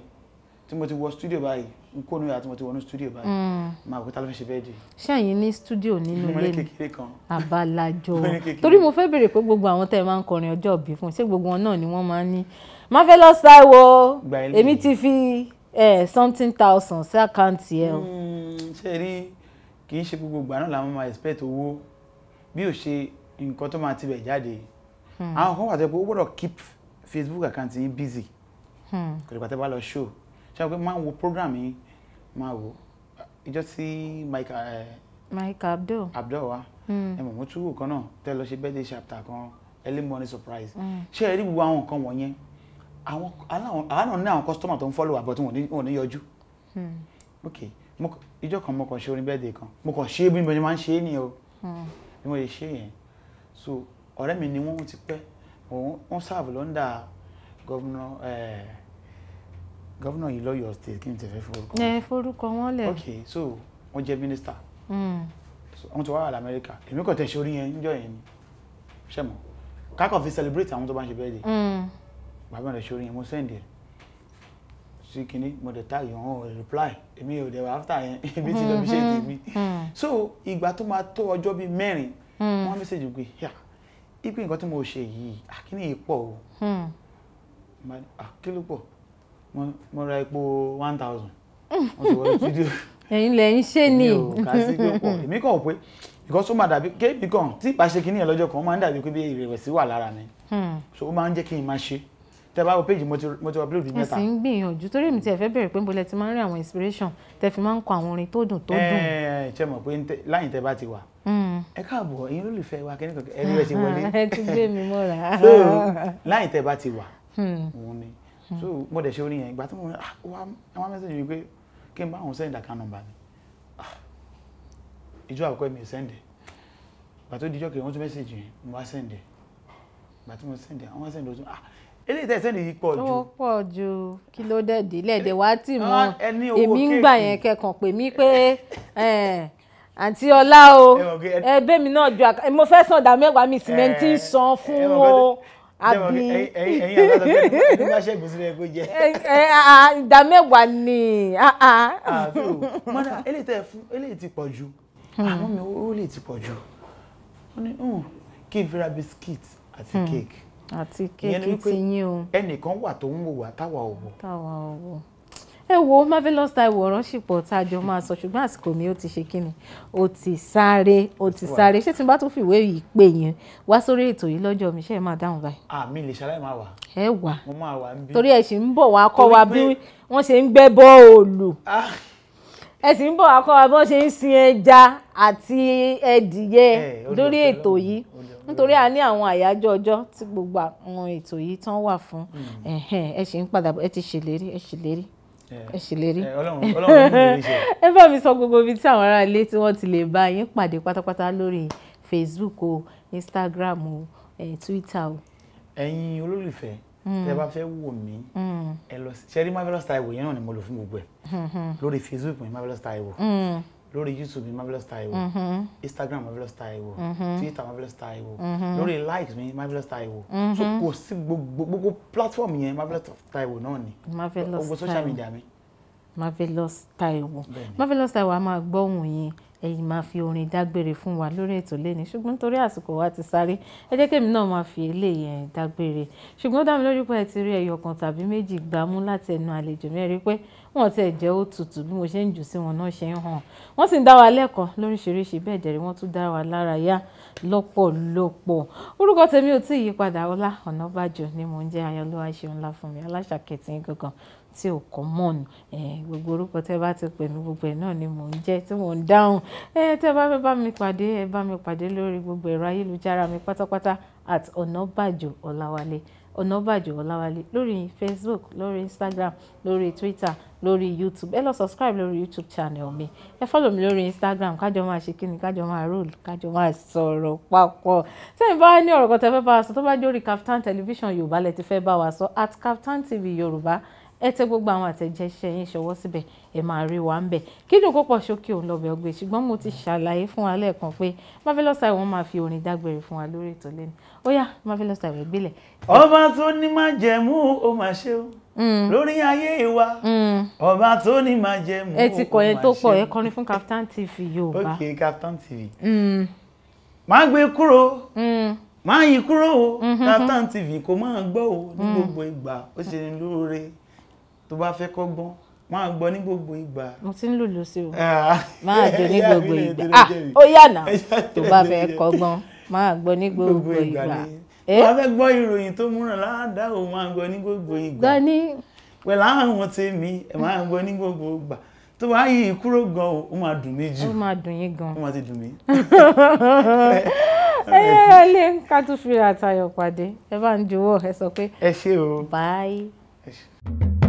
tí mo ti wọ studio báyìí n kó níyà tí mo ti wọnú studio báyìí mm. máa wò tá ló fẹ́ ṣe bẹ́ẹ̀ dé. ṣé ní studio nínú ilé mi abalajọ torí mo fẹ́ béèrè pé gbogbo àwọn tẹ́ ẹ máa ń kọrin ọjọ́ òbí fún ṣé gbogbo wọn náà ni wọ́n máa ń ní má fẹ́ lọ sáwọ èmi ti fi something thousand sí àkáǹtì ẹ o. Hmm, ṣe rí kì í ṣe gbogbo ìgbà náà làwọn máa expect owó bí ò ṣe nǹkan tó máa tibẹ̀ jáde hmm. àwọn kan wà tó yẹ pé ó gbọ́dọ̀ keep Facebook account yín busy hmm. kò ṣe pé máa ń wo program yìí máa wò ìjọ tí Mike eh, Mike Abdul Abdul wa hmm. ẹ mọ̀ mo tún wò kan náà tẹ́ lọ ṣe birthday chapter kan early morning surprise hmm. ṣé ẹ rí gbogbo àwọn nǹkan wọ̀nyẹn àwọn àánú ní àwọn customer tó ń follow àbọ̀ tí wọ́n ní yọjú hmm. ok ìjọ kan mo kàn ṣe orin birthday kan mo kàn ṣe bí mo ṣe máa ń ṣe é nìyẹn o bí mo ṣe ṣe yẹn so ọ̀rẹ́ mi ni wọ́n ti pẹ́ wọ́n sáàbù lọ́ndà eh, gọ́vnà yìí lọ́yọ̀ state kí n tẹ̀fẹ́ forúkọ. ẹ forúkọ wọn lẹ. ok so wọn jẹ minister. wọn ti wá wà lamẹ́ríkà èmi kò tẹ̀ sórí yẹn níjọ́ yẹn ni ṣe mọ̀ kákọ̀ fi celebrate àwọn tó bá ń ṣe birthday. Hmm. bàbá rẹ̀ sórí yẹn mo send it sí kínní mo dẹ̀ tag yẹn wọn reply èmi ò dẹ̀ wá after yẹn èmi ti lọ bí ṣe tèmi. Hmm, hmm, so ìgbà tó máa tó ọjọ́ bíi mẹ́rin wọ́n message pé yà ipe nǹkan tí mo ṣe yìí àkíní yìí pọ̀ o kí ló pọ̀ mo ra epo one thousand wọ́n ti wọlé fídíò. ẹ̀yin lẹ́yìn ṣé ni. èmi ò kà sí pé pọ̀ èmi kàn pé because ó máa dàbí kéèmí kan tí ìbá ṣe kínní ẹ̀ lọ́jọ́ kan ó máa ń dàbí pé ìrẹ̀wẹ̀sì wà lára mi hmm. so ó máa ń jẹ́ kí n máa ṣe tẹ bá wo page mo ti mo ti upload mẹ́ta. ẹ sì ń gbìyànjú torí èmi tí ẹ fẹ́ bẹ̀rẹ̀ pé mo lẹ ti máa ń rí àwọn inspiration tẹ fi máa ń kọ àwọn orin tó dùn tó dùn. ẹ eh, ṣe mọ̀ pé láyìn tẹ bá ti wà. Hmm. ẹ káàbọ̀ ẹ̀yin ló lè fẹ́ wa kẹ́ni kankan ẹ̀rí rẹ̀ ṣe wọlé. ẹ ti gbé mi mọ́ra. so láyìn tẹ bá ti wà hmm. òun ni so mo dẹ̀ ṣe orin yẹn ìgbà tí mo rìn ah wá wá mẹ́sàgì mi pé kí n bá àwọn send account number mi ah ìjọ àkọ́kọ́ mi ò send ẹ̀ ìgbà tó dijọ́ kejì wọ́n tún mẹ́sàgì yẹn mo wá send ẹ̀ ìgbà tí mo send ẹ̀ àwọn send ọ̀tún ah eléyìí tẹ̀ sẹ́ni yìí pọ̀ jù. ó pọ̀ jù kí ló dẹ̀ dé lẹ́ẹ̀dẹ̀ wá tì mọ́ ah, èmi ń gbà yẹn kẹkàn pè mí pé àǹtí ọlá o ẹbẹ́ mi náà ju àkàrà mo fẹ́ sàn dá mẹ́wàá mi sì mẹ́ntì fún o àbí ẹyin alábẹ́ ẹni bá ṣẹ́gun sílẹ̀ kó jẹ. ìdá mẹ́wàá ni. mọ́nà eléyìí tẹ́ ẹ fún eléyìí ti pọ̀ jù hmm. àwọn mi ó lè ti pọ̀ jù wọ́n ní hmm, kí n fira biskit àti hmm. kéèkì. àti kéèkì ti yín o. ẹnìkan wà tó ń wò wá táwa ò wò. táwa ò wò ẹ wo marvelous Taiwo Ọ̀rànṣìpọ̀ tá a jọ máa sọ ṣùgbọ́n àsìkò mi ó ti ṣe kíni ó ti sáré ó ti sáré ṣé tí n bá tún fìwé yìí pè yín wá sórí ètò yìí lọ́jọ́ mi ṣe é máa dáhùn báyìí. àmì lè ṣaláì máa wà. ẹ wà mo máa wà níbí. torí ẹ sì ń bọ̀ wá kọ́ wa bí wọ́n ṣe ń gbẹ́ bọ́ọ̀lù ah. ẹ sì ń bọ̀ wá kọ́ wa bí wọ́n ṣe ń sin ẹja àti ẹdìyẹ lórí ètò yìí nítorí a ní àwọn àyájọ́ ọjọ́ tí gbogbo àwọn ètò yìí tán wà fún hmm. ẹ ṣì ń padà ẹ ti ṣèlérí ẹ ṣèlérí ẹ ṣèlérí ẹ bá mi sọ gbogbo ibi tí àwọn ará ilé tí wọ́n ti lè bá yín pàdé pátápátá lórí Facebook o Instagram o eh, Twitter o. ẹ̀yin olólùfẹ́ hmm. tẹ́ bá fẹ́ wò mí hmm. ẹ lọ ṣẹ́rí marvelous Taiwo yẹn náà ni mo lò fún gbogbo ẹ̀ hmm, lórí Facebook yẹn marvelous Taiwo lórí youtube marvelous taiwo mm -hmm. instagram marvelous taiwo mm -hmm. twitter marvelous taiwo mm -hmm. lórí likes mi marvelous taiwo mm -hmm. so kò sí gbogbo gbogbo platform yẹn marvelous taiwo náà ni marvelous taiwo gbogbo social media mi. marvelous taiwo marvelous taiwo a máa gbọ́ ohùn ẹ̀yin máa fi orin dágbére fún wa lórí ètò lẹ́ni ṣùgbọ́n torí àsìkò wa ti sáré ẹ jẹ́ kémi náà máa fi eléyìí ẹ̀ dágbére ṣùgbọ́n dá mi lójú pé ẹ ti rí ẹyọ kan tàbí méjì gbámú láti ẹnu àlejò mẹ́rin pé wọ́n ti ẹ̀ jẹ́ ó tutù bí mo ṣe ń jù sí wọn náà ṣe ń hàn wọ́n sì ń dá wa lẹ́kọ̀ọ́ lóríṣiríṣi bẹ́ẹ̀ dẹ̀rẹ̀ wọ́n tún dá wa lára yá lọ́pọ̀lọpọ̀ orúkọ tèmi ò tí ì yípadà Ọlá Ọ̀nàbàjọ ni mò ń jẹ́ ayọ̀lọ́wà ṣeun ńlá fún mi aláṣà kẹtì gangan tí ò common gbogbo orúkọ tẹ́ bá ti pè mí gbogbo ẹ̀ náà ni mò ń jẹ́ tí mò ń dáhùn tẹ́ bá fẹ́ bá mi pàdé ẹ bá mi pàdé lórí gbogbo ẹ̀rọ ayélujára mi pátápátá at ọ̀nàbàjò ọ̀làwálé ọ̀nàbàjò ọ̀làwálé lórí facebook lórí instagram lórí twitter lórí youtube ẹ lọ subscribe lórí youtube channel mi ẹ follow mi lórí instagram kájọ máa ṣe kíni kájọ máa roll kájọ máa sọ̀rọ̀ papọ̀ sẹ́yìn bá ní ọ̀rọ̀ kan tẹ́ fẹ́ bá wa sọ tó bá jórí Kaftan television yorùbá lẹ ti fẹ́ bá wa sọ at Captain tv yorùbá ẹ tẹ gbogbo àwọn àtẹ̀jẹ́sẹ́ yín ṣọwọ́ síbẹ̀ ẹ máa rí wa ń bẹ̀ kí jòkó pọ̀ sókè òun lọ́bẹ̀ ọgbẹ́ ṣùgbọ́n mo ti ṣàlàyé fún wa lẹ́ẹ̀kan pé máfẹ́lọ́sà ìwọ̀n máa fi orin dágbére fún wa lórí ètò lẹ́nu ó yá máfẹ́lọ́sà ìwẹ̀ gbélẹ̀. ọba tó ní máa jẹ̀mú ó máa ṣe o mm. lórí ayé wa mm. ọba tó ní máa jẹ̀mú ó máa ṣe o. ẹ ti kọ̀ ẹ tó pọ̀ ẹ kọrin fún Kaftan TV Yorùbá. ok captain TV. Mm. má gbé kúrò má yí kúrò o mm-hmm. Kaftan TV kò máa gbọ́ o ní gbogbo ìgbà ó ṣe ní lóore tó bá fẹ́ kọ́gbọ́n máa gbọ́ ní gbogbo ìgbà. mo ti ń lùlù sí o ah, máa dùn ní gbogbo ìgbà ah ó yànà tó bá fẹ́ kọ́gbọ́n máa gbọ́ ní gbogbo ìgbà. wọ́n eh? fẹ́ gbọ́ ìròyìn tó múràn ládàá o máa gbọ́ ní gbogbo ìgbà. gbani. pẹ̀lú àwọn tèmi ẹ̀ máa gbọ́ ní gbogbo ìgbà tó bá yí kúrò gan o ó máa dùn mí jù. ó máa dùn yín gan. ó máa ti dùn mí. Eh, ẹ ẹ ká tún fi àtayọ̀ pàdé ẹ bá ń jọ̀wọ́ ẹ sọ pé. ẹ ṣé o. bye.